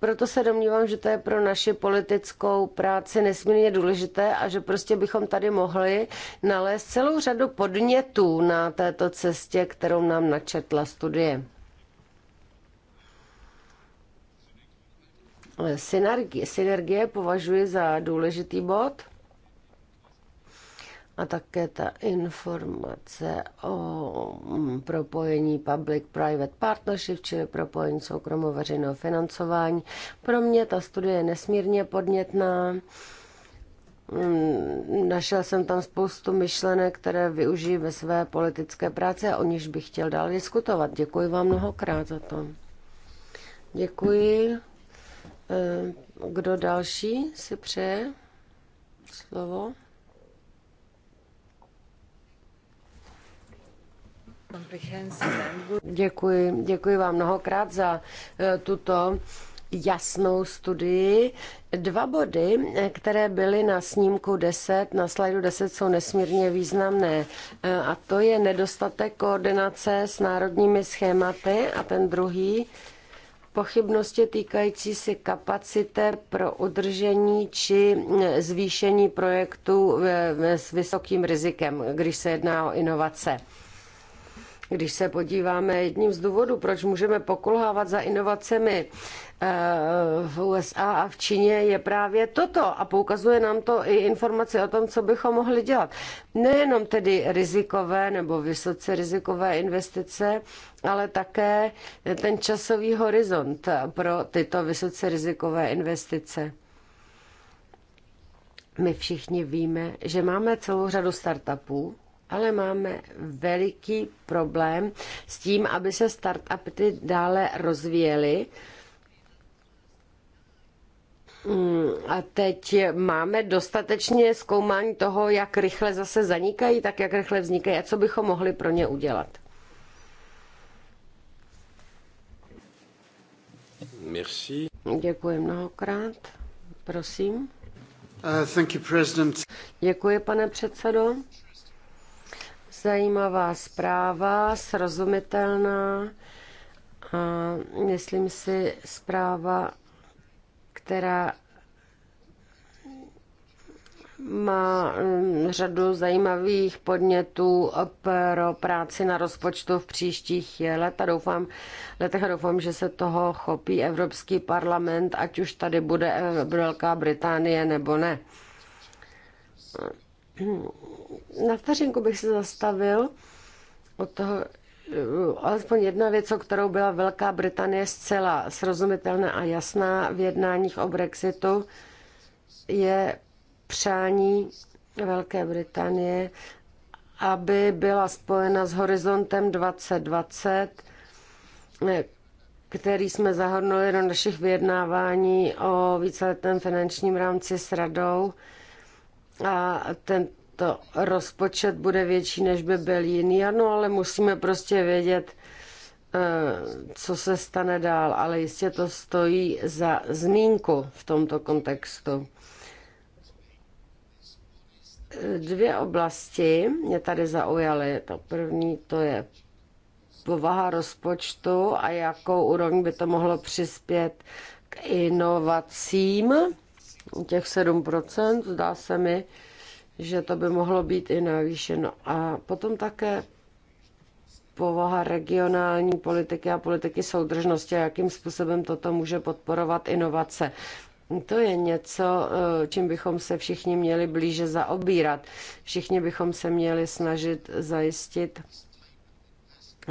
Proto se domnívám, že to je pro naši politickou práci nesmírně důležité a že prostě bychom tady mohli nalézt celou řadu podnětů na této cestě, kterou nám načetla studie. synergie, synergie považuji za důležitý bod a také ta informace o mm, propojení public-private partnership, čili propojení soukromo veřejného financování. Pro mě ta studie je nesmírně podnětná. Mm, našel jsem tam spoustu myšlenek, které využiji ve své politické práci a o nich bych chtěl dál diskutovat. Děkuji vám mnohokrát za to. Děkuji. Eh, kdo další si přeje slovo? Děkuji, děkuji vám mnohokrát za eh, tuto jasnou studii. Dva body, eh, které byly na snímku 10, na slajdu 10, jsou nesmírně významné. A to je nedostatek koordinace s národními schématy a ten druhý pochybnosti týkající se kapacity pro udržení či zvýšení projektu s vysokým rizikem, když se jedná o inovace. Když se podíváme, jedním z důvodů, proč můžeme pokulhávat za inovacemi, Eh, v USA a v Číně je právě toto a poukazuje nám to i informace o tom, co bychom mohli dělat. Nejenom tedy rizikové nebo vysoce rizikové investice, ale také ten časový horizont pro tyto vysoce rizikové investice. My všichni víme, že máme celou řadu startupů, ale máme veliký problém s tím, aby se startupy dále rozvíjely, Mm, a teď máme dostatečně zkoumání toho, jak rychle zase zanikají, tak jak rychle vznikají a co bychom mohli pro ně udělat. Merci. Děkuji mnohokrát. Prosím. Uh, thank you, president. Děkuji, pane předsedo. Zajímavá zpráva, srozumitelná a myslím si zpráva která má mm, řadu zajímavých podnětů pro práci na rozpočtu v příštích let a doufám, letech a doufám, že se toho chopí Evropský parlament, ať už tady bude eh, Velká Británie nebo ne. Na vteřinku bych se zastavil od toho, Eh, alespoň jedna věc, o kterou byla Velká Británie zcela srozumitelná a jasná v jednáních o Brexitu, je přání Velké Británie, aby byla spojena s horizontem 2020, eh, který jsme zahrnuli do našich vyjednávání o víceletém finančním rámci s radou. A ten, to rozpočet bude větší, než by byl jiný. Ano, ale musíme prostě vědět, eh, co se stane dál, ale jistě to stojí za zmínku v tomto kontextu. Dvě oblasti mě tady zaujaly. To první to je povaha rozpočtu a jakou úroveň by to mohlo přispět k inovacím, těch 7%, zdá se mi, že to by mohlo být i navýšeno. A potom také povaha regionální politiky a politiky soudržnosti jakým způsobem toto může podporovat inovace. To je něco, eh, čím bychom se všichni měli blíže zaobírat. Všichni bychom se měli snažit zajistit,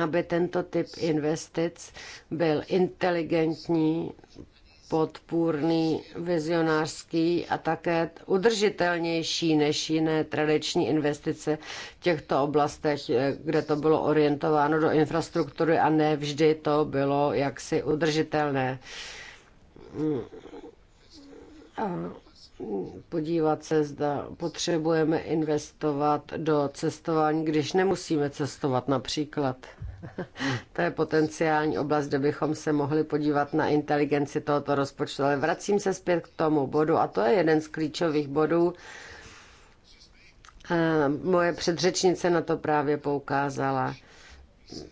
aby tento typ investic byl inteligentní, podpůrný, vizionářský a také udržitelnější než jiné tradiční investice v těchto oblastech, eh, kde to bylo orientováno do infrastruktury a ne vždy to bylo jaksi udržitelné. Mm podívat se, zda potřebujeme investovat do cestování, když nemusíme cestovat například. to je potenciální oblast, kde bychom se mohli podívat na inteligenci tohoto rozpočtu. Ale vracím se zpět k tomu bodu a to je jeden z klíčových bodů. Moje předřečnice na to právě poukázala.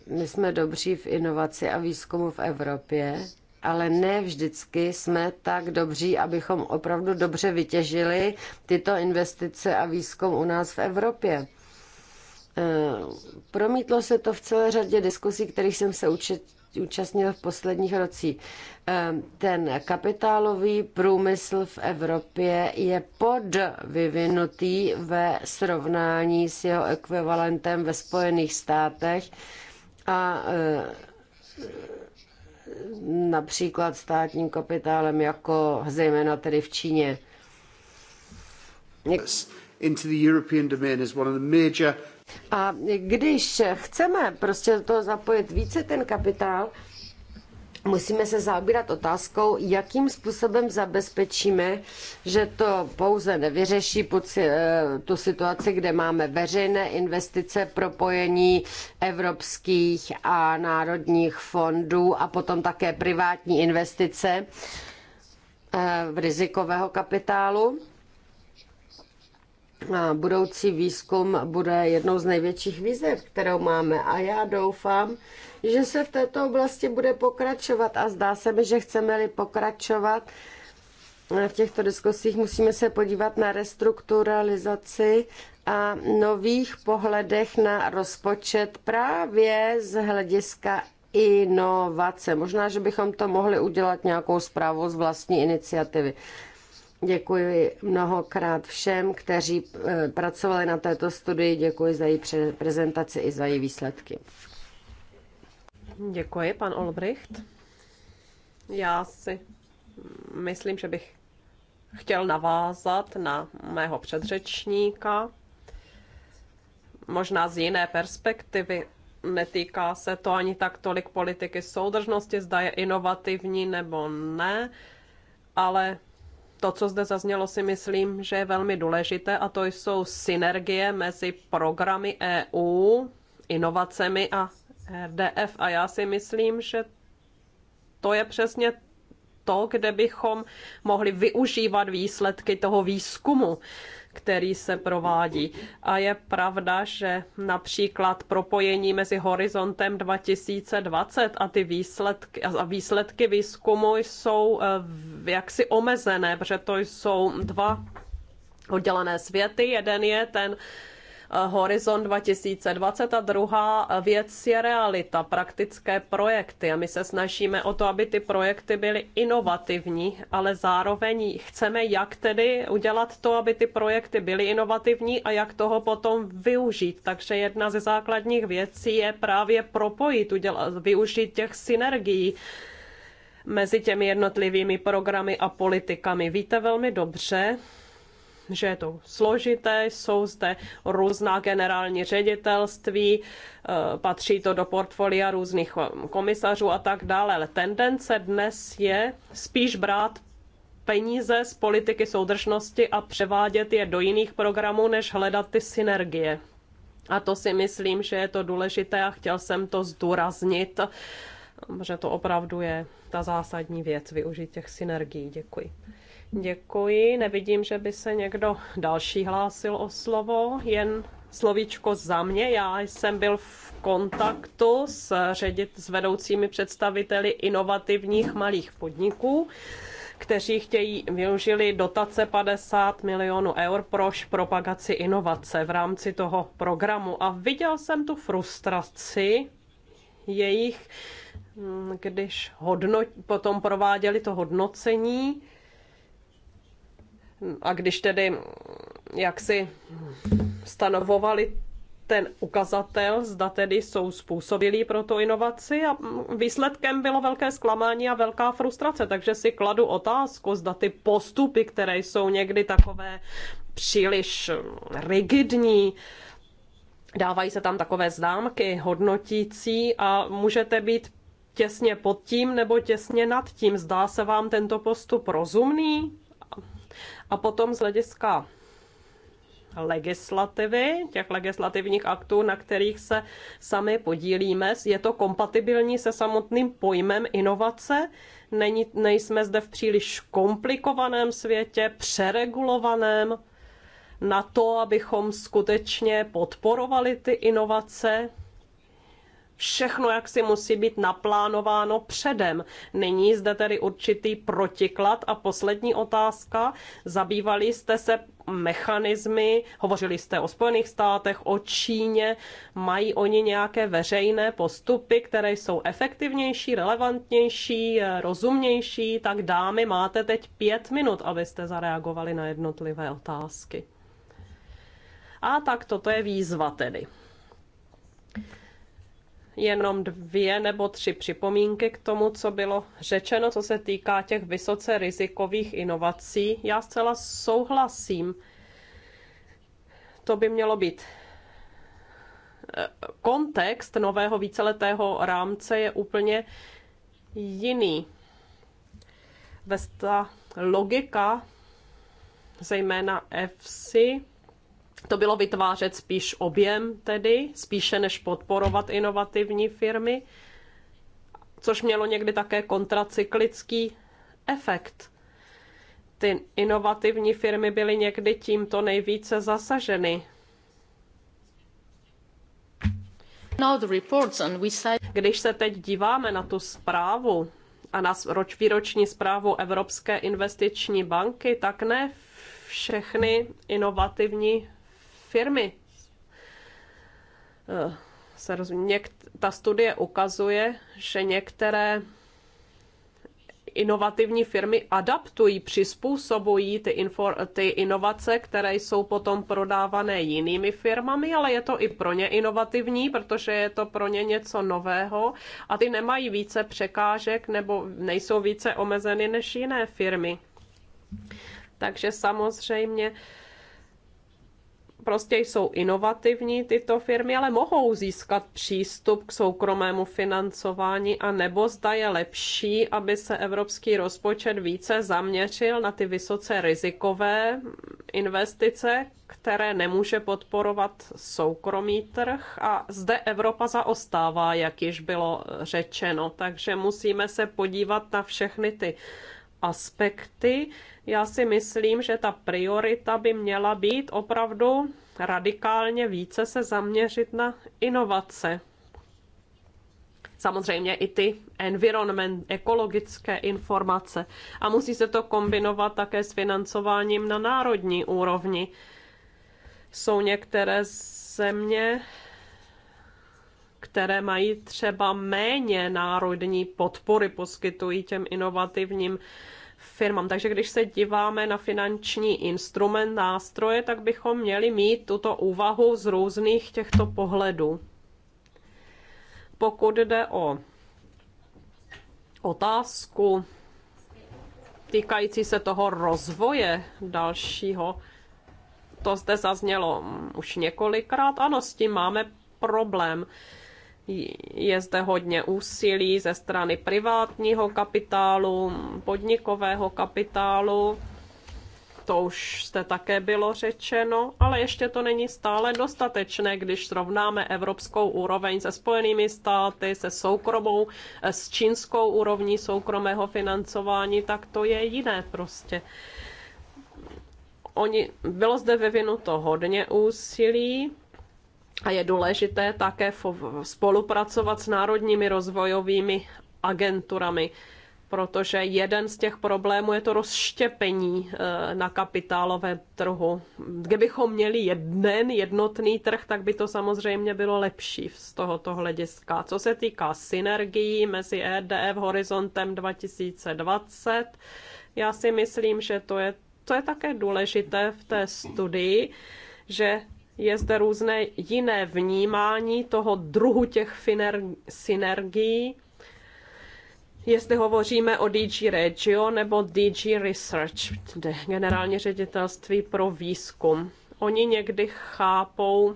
My jsme dobří v inovaci a výzkumu v Evropě, ale ne vždycky jsme tak dobří, abychom opravdu dobře vytěžili tyto investice a výzkum u nás v Evropě. E, promítlo se to v celé řadě diskusí, kterých jsem se účastnil v posledních rocích. E, ten kapitálový průmysl v Evropě je podvyvinutý ve srovnání s jeho ekvivalentem ve Spojených státech a e, například státním kapitálem, jako zejména tedy v Číně. Into the European domain is one of the major... A když chceme prostě do toho zapojit více ten kapitál, musíme se zaobírat otázkou, jakým způsobem zabezpečíme, že to pouze nevyřeší eh, tu situaci, kde máme veřejné investice, propojení evropských a národních fondů a potom také privátní investice eh, v rizikového kapitálu budoucí výzkum bude jednou z největších výzev, kterou máme. A já doufám, že se v této oblasti bude pokračovat a zdá se mi, že chceme-li pokračovat v těchto diskusích, musíme se podívat na restrukturalizaci a nových pohledech na rozpočet právě z hlediska inovace. Možná, že bychom to mohli udělat nějakou zprávu z vlastní iniciativy. Děkuji mnohokrát všem, kteří eh, pracovali na této studii. Děkuji za její prezentaci i za její výsledky. Děkuji, pan Olbricht. Já si myslím, že bych chtěl navázat na mého předřečníka, možná z jiné perspektivy. Netýká se to ani tak tolik politiky soudržnosti, zda je inovativní nebo ne, ale to, co zde zaznělo, si myslím, že je velmi důležité a to jsou synergie mezi programy EU, inovacemi a RDF. E a já si myslím, že to je přesně to, kde bychom mohli využívat výsledky toho výzkumu který se provádí. A je pravda, že například propojení mezi horizontem 2020 a ty výsledky, a výsledky výzkumu jsou eh, jaksi omezené, protože to jsou dva oddělené světy. Jeden je ten Eh, Horizon 2020 a druhá věc je realita, praktické projekty. A my se snažíme o to, aby ty projekty byly inovativní, ale zároveň chceme, jak tedy udělat to, aby ty projekty byly inovativní a jak toho potom využít. Takže jedna ze základních věcí je právě propojit, udělat, využít těch synergií mezi těmi jednotlivými programy a politikami. Víte velmi dobře, že je to složité, jsou zde různá generální ředitelství, eh, patří to do portfolia různých eh, komisařů a tak dále. Ale tendence dnes je spíš brát peníze z politiky soudržnosti a převádět je do jiných programů, než hledat ty synergie. A to si myslím, že je to důležité a chtěl jsem to zdůraznit, eh, že to opravdu je ta zásadní věc, využít těch synergií. Děkuji. Děkuji. Nevidím, že by se někdo další hlásil o slovo. Jen slovíčko za mě. Já jsem byl v kontaktu s, ředit, s vedoucími představiteli inovativních malých podniků kteří chtějí využili dotace 50 milionů eur pro propagaci inovace v rámci toho programu. A viděl jsem tu frustraci jejich, mm, když hodnot, potom prováděli to hodnocení a když tedy jak si stanovovali ten ukazatel, zda tedy jsou způsobilí pro tu inovaci a výsledkem bylo velké zklamání a velká frustrace, takže si kladu otázku, zda ty postupy, které jsou někdy takové příliš rigidní, dávají se tam takové známky hodnotící a můžete být těsně pod tím nebo těsně nad tím. Zdá se vám tento postup rozumný? A potom z hlediska legislativy, těch legislativních aktů, na kterých se sami podílíme. Je to kompatibilní se samotným pojmem inovace. Není, nejsme zde v příliš komplikovaném světě, přeregulovaném na to, abychom skutečně podporovali ty inovace, všechno jak si musí být naplánováno předem. Není zde tedy určitý protiklad. A poslední otázka. Zabývali jste se mechanismy, hovořili jste o Spojených státech, o Číně, mají oni nějaké veřejné postupy, které jsou efektivnější, relevantnější, rozumnější, tak dámy, máte teď pět minut, abyste zareagovali na jednotlivé otázky. A tak toto je výzva tedy jenom dvě nebo tři připomínky k tomu, co bylo řečeno, co se týká těch vysoce rizikových inovací. Já zcela souhlasím. To by mělo být. Eh, kontext nového víceletého rámce je úplně jiný. Vesta logika, zejména EFSI, to bylo vytvářet spíš objem tedy, spíše než podporovat inovativní firmy, což mělo někdy také kontracyklický efekt. Ty inovativní firmy byly někdy tímto nejvíce zasaženy. Když se teď díváme na tu zprávu a na výroční zprávu Evropské investiční banky, tak ne všechny inovativní firmy. Eh, se roz... Něk- ta studie ukazuje, že některé inovativní firmy adaptují, přizpůsobují ty, info... ty inovace, které jsou potom prodávané jinými firmami, ale je to i pro ně inovativní, protože je to pro ně něco nového a ty nemají více překážek nebo nejsou více omezeny než jiné firmy. Takže samozřejmě prostě jsou inovativní tyto firmy, ale mohou získat přístup k soukromému financování a nebo zda je lepší, aby se evropský rozpočet více zaměřil na ty vysoce rizikové investice, které nemůže podporovat soukromý trh a zde Evropa zaostává, jak již bylo řečeno. Takže musíme se podívat na všechny ty aspekty. Já si myslím, že ta priorita by měla být opravdu radikálně více se zaměřit na inovace. Samozřejmě i ty environment, ekologické informace. A musí se to kombinovat také s financováním na národní úrovni. Jsou některé země, které mají třeba méně národní podpory, poskytují těm inovativním firmám. Takže když se díváme na finanční instrument, nástroje, tak bychom měli mít tuto úvahu z různých těchto pohledů. Pokud jde o otázku týkající se toho rozvoje dalšího, to zde zaznělo už několikrát. Ano, s tím máme problém. Je zde hodně úsilí ze strany privátního kapitálu, podnikového kapitálu, to už jste také bylo řečeno, ale ještě to není stále dostatečné, když srovnáme evropskou úroveň se Spojenými státy, se soukromou, s čínskou úrovní soukromého financování, tak to je jiné prostě. Oni, bylo zde vyvinuto hodně úsilí, a je důležité také spolupracovat s národními rozvojovými agenturami, protože jeden z těch problémů je to rozštěpení eh, na kapitálovém trhu. Kdybychom měli jeden jednotný trh, tak by to samozřejmě bylo lepší z tohoto hlediska. Co se týká synergií mezi EDF Horizontem 2020, já si myslím, že to je, to je také důležité v té studii, že je zde různé jiné vnímání toho druhu těch synergií, jestli hovoříme o DG Regio nebo DG Research, generální ředitelství pro výzkum. Oni někdy chápou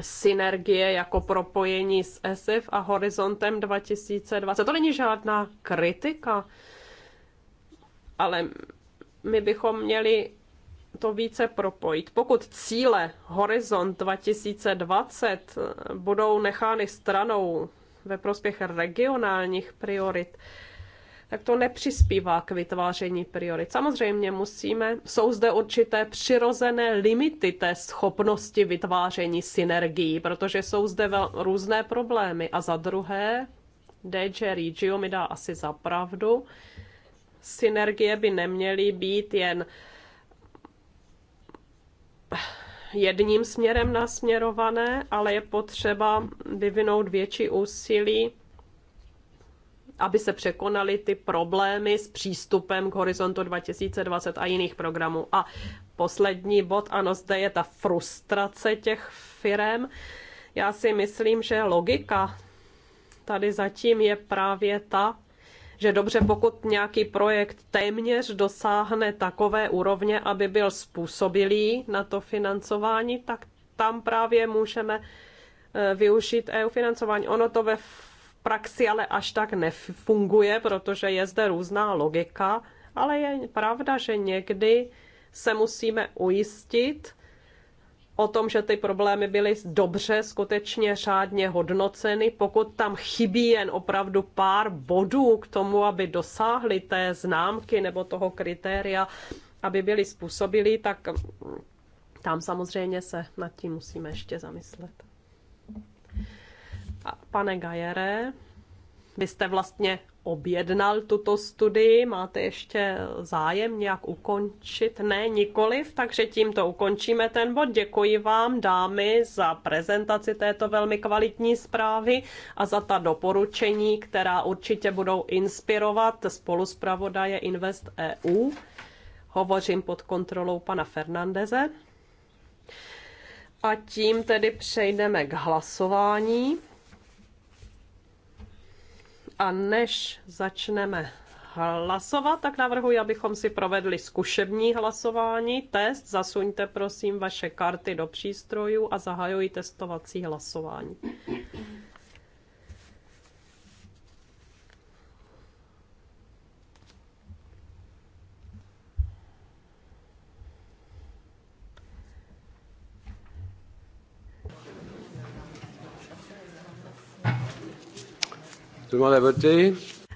synergie jako propojení s ESIF a Horizontem 2020. To není žádná kritika, ale my bychom měli to více propojit. Pokud cíle Horizont 2020 budou nechány stranou ve prospěch regionálních priorit, tak to nepřispívá k vytváření priorit. Samozřejmě musíme, jsou zde určité přirozené limity té schopnosti vytváření synergií, protože jsou zde vel, různé problémy. A za druhé, DJ Regio mi dá asi za pravdu, synergie by neměly být jen uh, jedním směrem nasměrované, ale je potřeba vyvinout větší úsilí, aby se překonaly ty problémy s přístupem k Horizontu 2020 a jiných programů. A poslední bod, ano, zde je ta frustrace těch firm. Já si myslím, že logika tady zatím je právě ta, že dobře, pokud nějaký projekt téměř dosáhne takové úrovně, aby byl způsobilý na to financování, tak tam právě můžeme eh, využít EU financování. Ono to ve praxi ale až tak nefunguje, protože je zde různá logika, ale je pravda, že někdy se musíme ujistit, o tom, že ty problémy byly dobře, skutečně řádně hodnoceny. Pokud tam chybí jen opravdu pár bodů k tomu, aby dosáhly té známky nebo toho kritéria, aby byly způsobili, tak tam samozřejmě se nad tím musíme ještě zamyslet. A pane Gajere, vy jste vlastně objednal tuto studii, máte ještě zájem nějak ukončit? Ne, nikoliv, takže tímto ukončíme ten bod. Děkuji vám, dámy, za prezentaci této velmi kvalitní zprávy a za ta doporučení, která určitě budou inspirovat spolu pravodaje Invest EU. Hovořím pod kontrolou pana Fernandeze. A tím tedy přejdeme k hlasování. A než začneme hlasovat, tak navrhuji, abychom si provedli zkušební hlasování. Test, zasuňte prosím vaše karty do přístrojů a zahajuji testovací hlasování.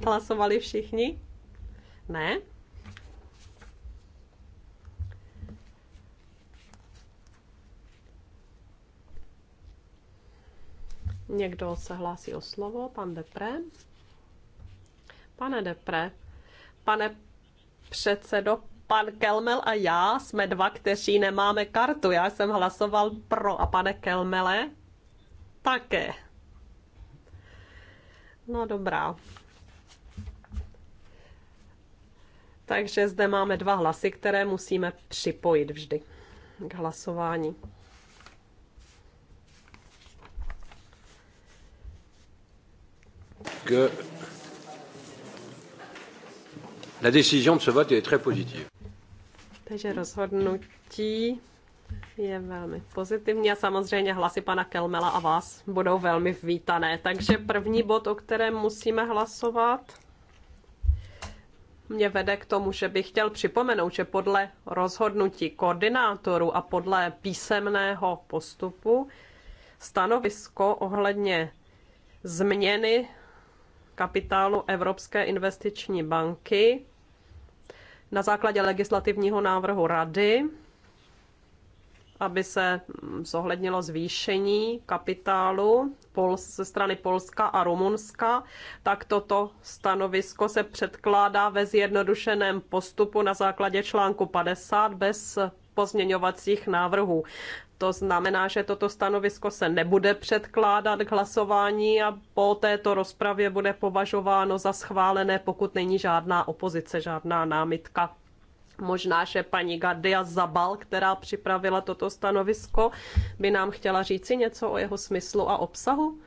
Hlasovali všichni? Ne? Někdo se hlásí o slovo, pan Depre. Pane Depre, pane předsedo, pan Kelmel a já jsme dva, kteří nemáme kartu. Já jsem hlasoval pro a pane Kelmele také. No dobrá. Takže zde máme dva hlasy, které musíme připojit vždy k hlasování. Que la décision de ce vote est très positive. Takže rozhodnutí je velmi pozitivní a samozřejmě hlasy pana Kelmela a vás budou velmi vítané. Takže první bod, o kterém musíme hlasovat, mě vede k tomu, že bych chtěl připomenout, že podle rozhodnutí koordinátoru a podle písemného postupu stanovisko ohledně změny kapitálu Evropské investiční banky na základě legislativního návrhu Rady aby se zohlednilo zvýšení kapitálu ze strany Polska a Rumunska, tak toto stanovisko se předkládá ve zjednodušeném postupu na základě článku 50 bez pozměňovacích návrhů. To znamená, že toto stanovisko se nebude předkládat k hlasování a po této rozpravě bude považováno za schválené, pokud není žádná opozice, žádná námitka. Možná, že paní Gardia Zabal, která připravila toto stanovisko, by nám chtěla říci něco o jeho smyslu a obsahu.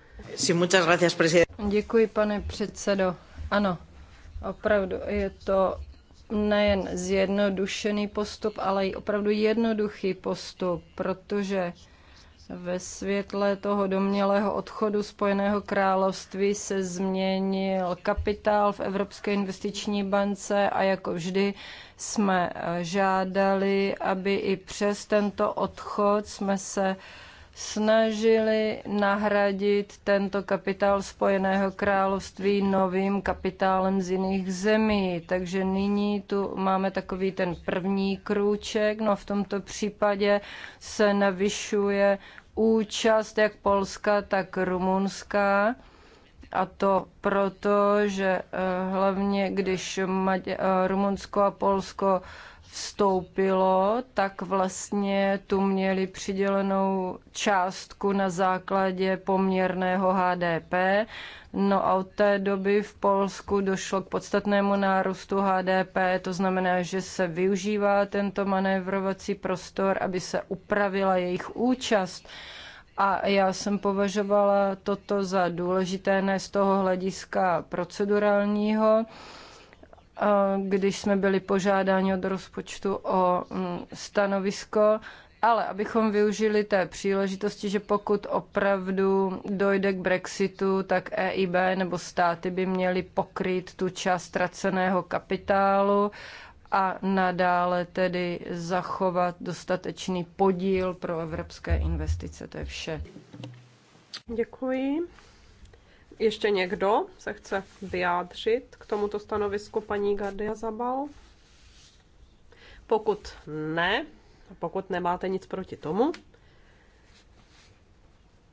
Děkuji, pane předsedo. Ano, opravdu je to nejen zjednodušený postup, ale i opravdu jednoduchý postup, protože ve světle toho domnělého odchodu Spojeného království se změnil kapitál v Evropské investiční bance a jako vždy jsme eh, žádali, aby i přes tento odchod jsme se snažili nahradit tento kapitál Spojeného království novým kapitálem z jiných zemí. Takže nyní tu máme takový ten první krůček, no v tomto případě se navyšuje účast jak Polska, tak Rumunska. A to proto, že eh, hlavně když eh, Rumunsko a Polsko vstoupilo, tak vlastně tu měli přidělenou částku na základě poměrného HDP. No a od té doby v Polsku došlo k podstatnému nárůstu HDP, to znamená, že se využívá tento manévrovací prostor, aby se upravila jejich účast. A já jsem považovala toto za důležité ne z toho hlediska procedurálního, když jsme byli požádáni od rozpočtu o mm, stanovisko, ale abychom využili té příležitosti, že pokud opravdu dojde k Brexitu, tak EIB nebo státy by měly pokryt tu část ztraceného kapitálu a nadále tedy zachovat dostatečný podíl pro evropské investice. To je vše. Děkuji. Ještě někdo se chce vyjádřit k tomuto stanovisku paní Gardia Zabal? Pokud ne, pokud nemáte nic proti tomu,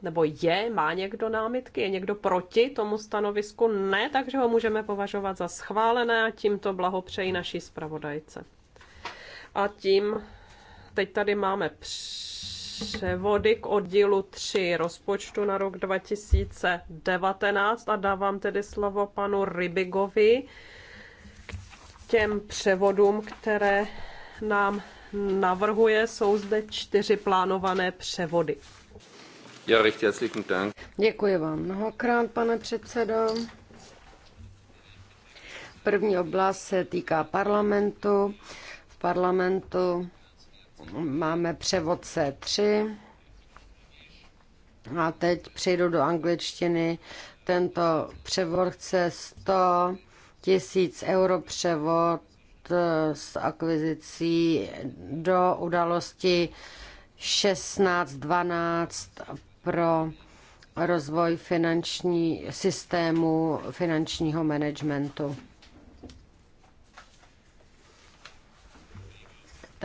nebo je, má někdo námitky, je někdo proti tomu stanovisku? Ne, takže ho můžeme považovat za schválené a tímto blahopřeji naší zpravodajce. A tím teď tady máme při převody k oddílu 3 rozpočtu na rok 2019 a dávám tedy slovo panu Rybigovi k těm převodům, které nám navrhuje. Jsou zde čtyři plánované převody. Ja, recht herzlichen Dank. Děkuji vám mnohokrát, pane předsedo. První oblast se týká parlamentu. V parlamentu Máme převod C3. A teď přejdu do angličtiny. Tento převod chce 100 tisíc euro převod eh, s akvizicí do udalosti 16.12 pro rozvoj finanční systému finančního managementu.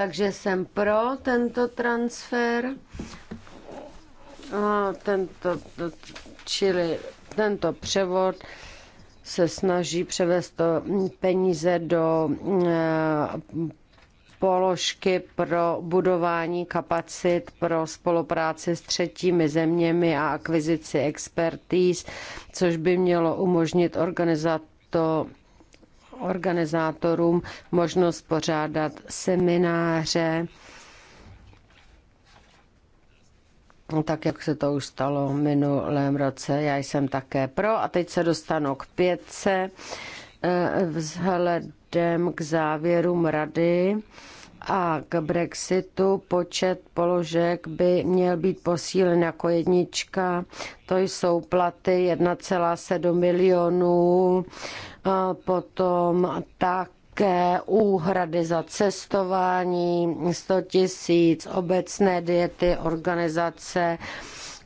Takže jsem pro tento transfer. A tento, čili tento převod se snaží převést to peníze do e, položky pro budování kapacit pro spolupráci s třetími zeměmi a akvizici expertíz, což by mělo umožnit organizovat to organizátorům možnost pořádat semináře, tak jak se to už stalo v minulém roce. Já jsem také pro a teď se dostanu k pětce eh, vzhledem k závěrům rady a k Brexitu počet položek by měl být posílen jako jednička. To jsou platy 1,7 milionů, potom také úhrady za cestování, 100 tisíc, obecné diety, organizace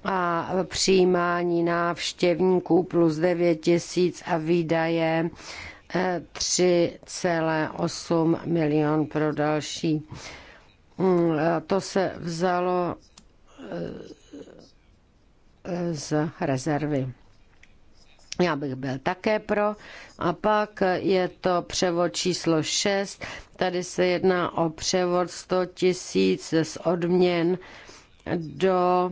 a přijímání návštěvníků plus 9 tisíc a výdaje 3,8 milion pro další. Mm, to se vzalo eh, z rezervy. Já bych byl také pro. A pak je to převod číslo 6. Tady se jedná o převod 100 tisíc z odměn do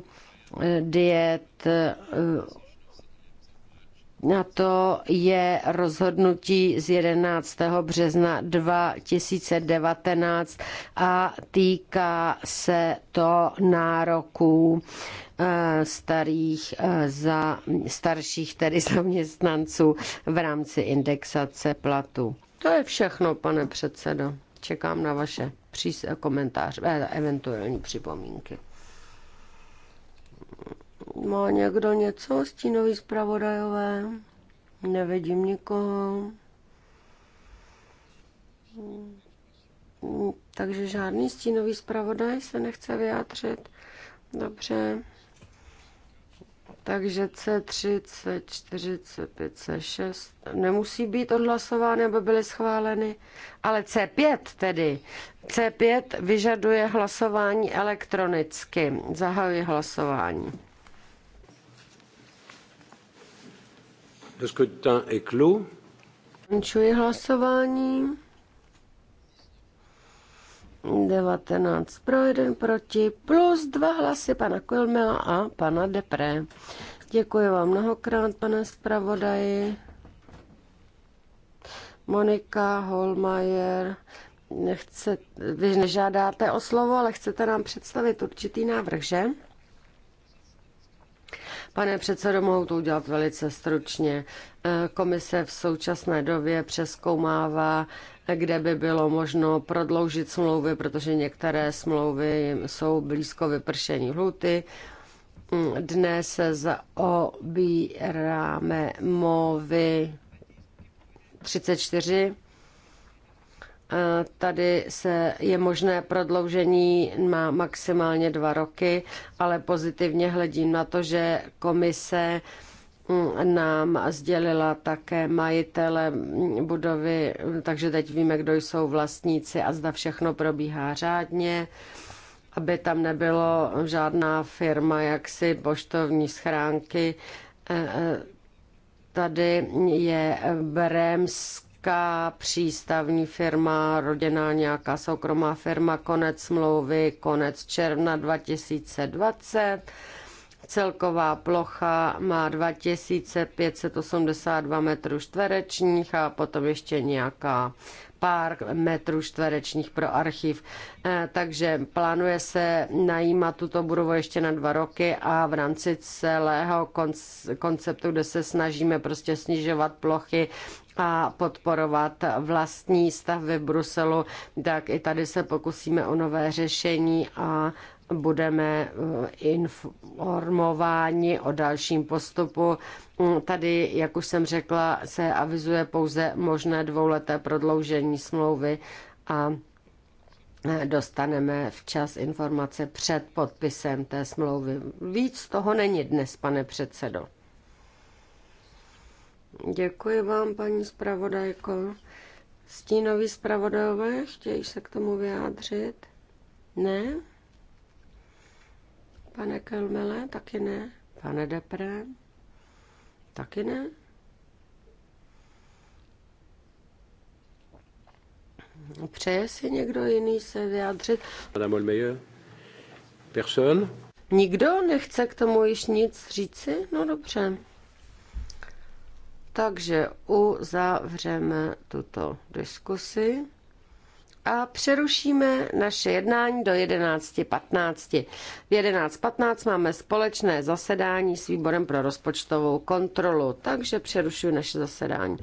eh, diet eh, na to je rozhodnutí z 11. března 2019 a týká se to nároků eh, starých eh, za, starších tedy zaměstnanců v rámci indexace platu. To je všechno, pane předsedo. Čekám na vaše komentáře, eh, eventuální připomínky. Má někdo něco, stínový zpravodajové? Nevidím nikoho. Takže žádný stínový zpravodaj se nechce vyjádřit. Dobře. Takže c 30 C4, C6 nemusí být odhlasovány, aby byly schváleny, ale C5 tedy. C5 vyžaduje hlasování elektronicky. Zahajuji hlasování. Le scrutin est clos. Končuji hlasování. 19 pro, 1 proti, plus dva hlasy pana Kolmela a pana Depré. Děkuji vám mnohokrát, pane zpravodaji. Monika Holmajer, nechce, vy nežádáte o slovo, ale chcete nám představit určitý návrh, že? Pane předsedo, mohu to udělat velice stručně. Eh, komise v současné době přeskoumává, kde by bylo možno prodloužit smlouvy, protože některé smlouvy jsou blízko vypršení hluty. Mm, dnes se zaobíráme MOVy 34 Tady se je možné prodloužení má maximálně dva roky, ale pozitivně hledím na to, že komise mm, nám sdělila také majitele budovy, takže teď víme, kdo jsou vlastníci a zda všechno probíhá řádně, aby tam nebylo žádná firma, jaksi poštovní schránky. E, e, tady je bremsk nějaká přístavní firma, rodinná nějaká soukromá firma, konec smlouvy, konec června 2020. Celková plocha má 2582 metrů čtverečních a potom ještě nějaká pár metrů čtverečních pro archiv. Eh, takže plánuje se najímat tuto budovu ještě na dva roky a v rámci celého konceptu, kde se snažíme prostě snižovat plochy a podporovat vlastní stav v Bruselu, tak i tady se pokusíme o nové řešení a budeme eh, informováni o dalším postupu. Mm, tady, jak už jsem řekla, se avizuje pouze možné dvouleté prodloužení smlouvy a eh, dostaneme včas informace před podpisem té smlouvy. Víc toho není dnes, pane předsedo. Děkuji vám, paní zpravodajko. Stínoví zpravodajové chtějí se k tomu vyjádřit? Ne? Pane Kelmele, taky ne. Pane Depré, taky ne. Přeje si někdo jiný se vyjádřit? Madame Olmeyer, person? Nikdo nechce k tomu již nic říci? No dobře. Takže uzavřeme tuto diskusi a přerušíme naše jednání do 11.15. V 11.15 máme společné zasedání s výborem pro rozpočtovou kontrolu, takže přerušuji naše zasedání.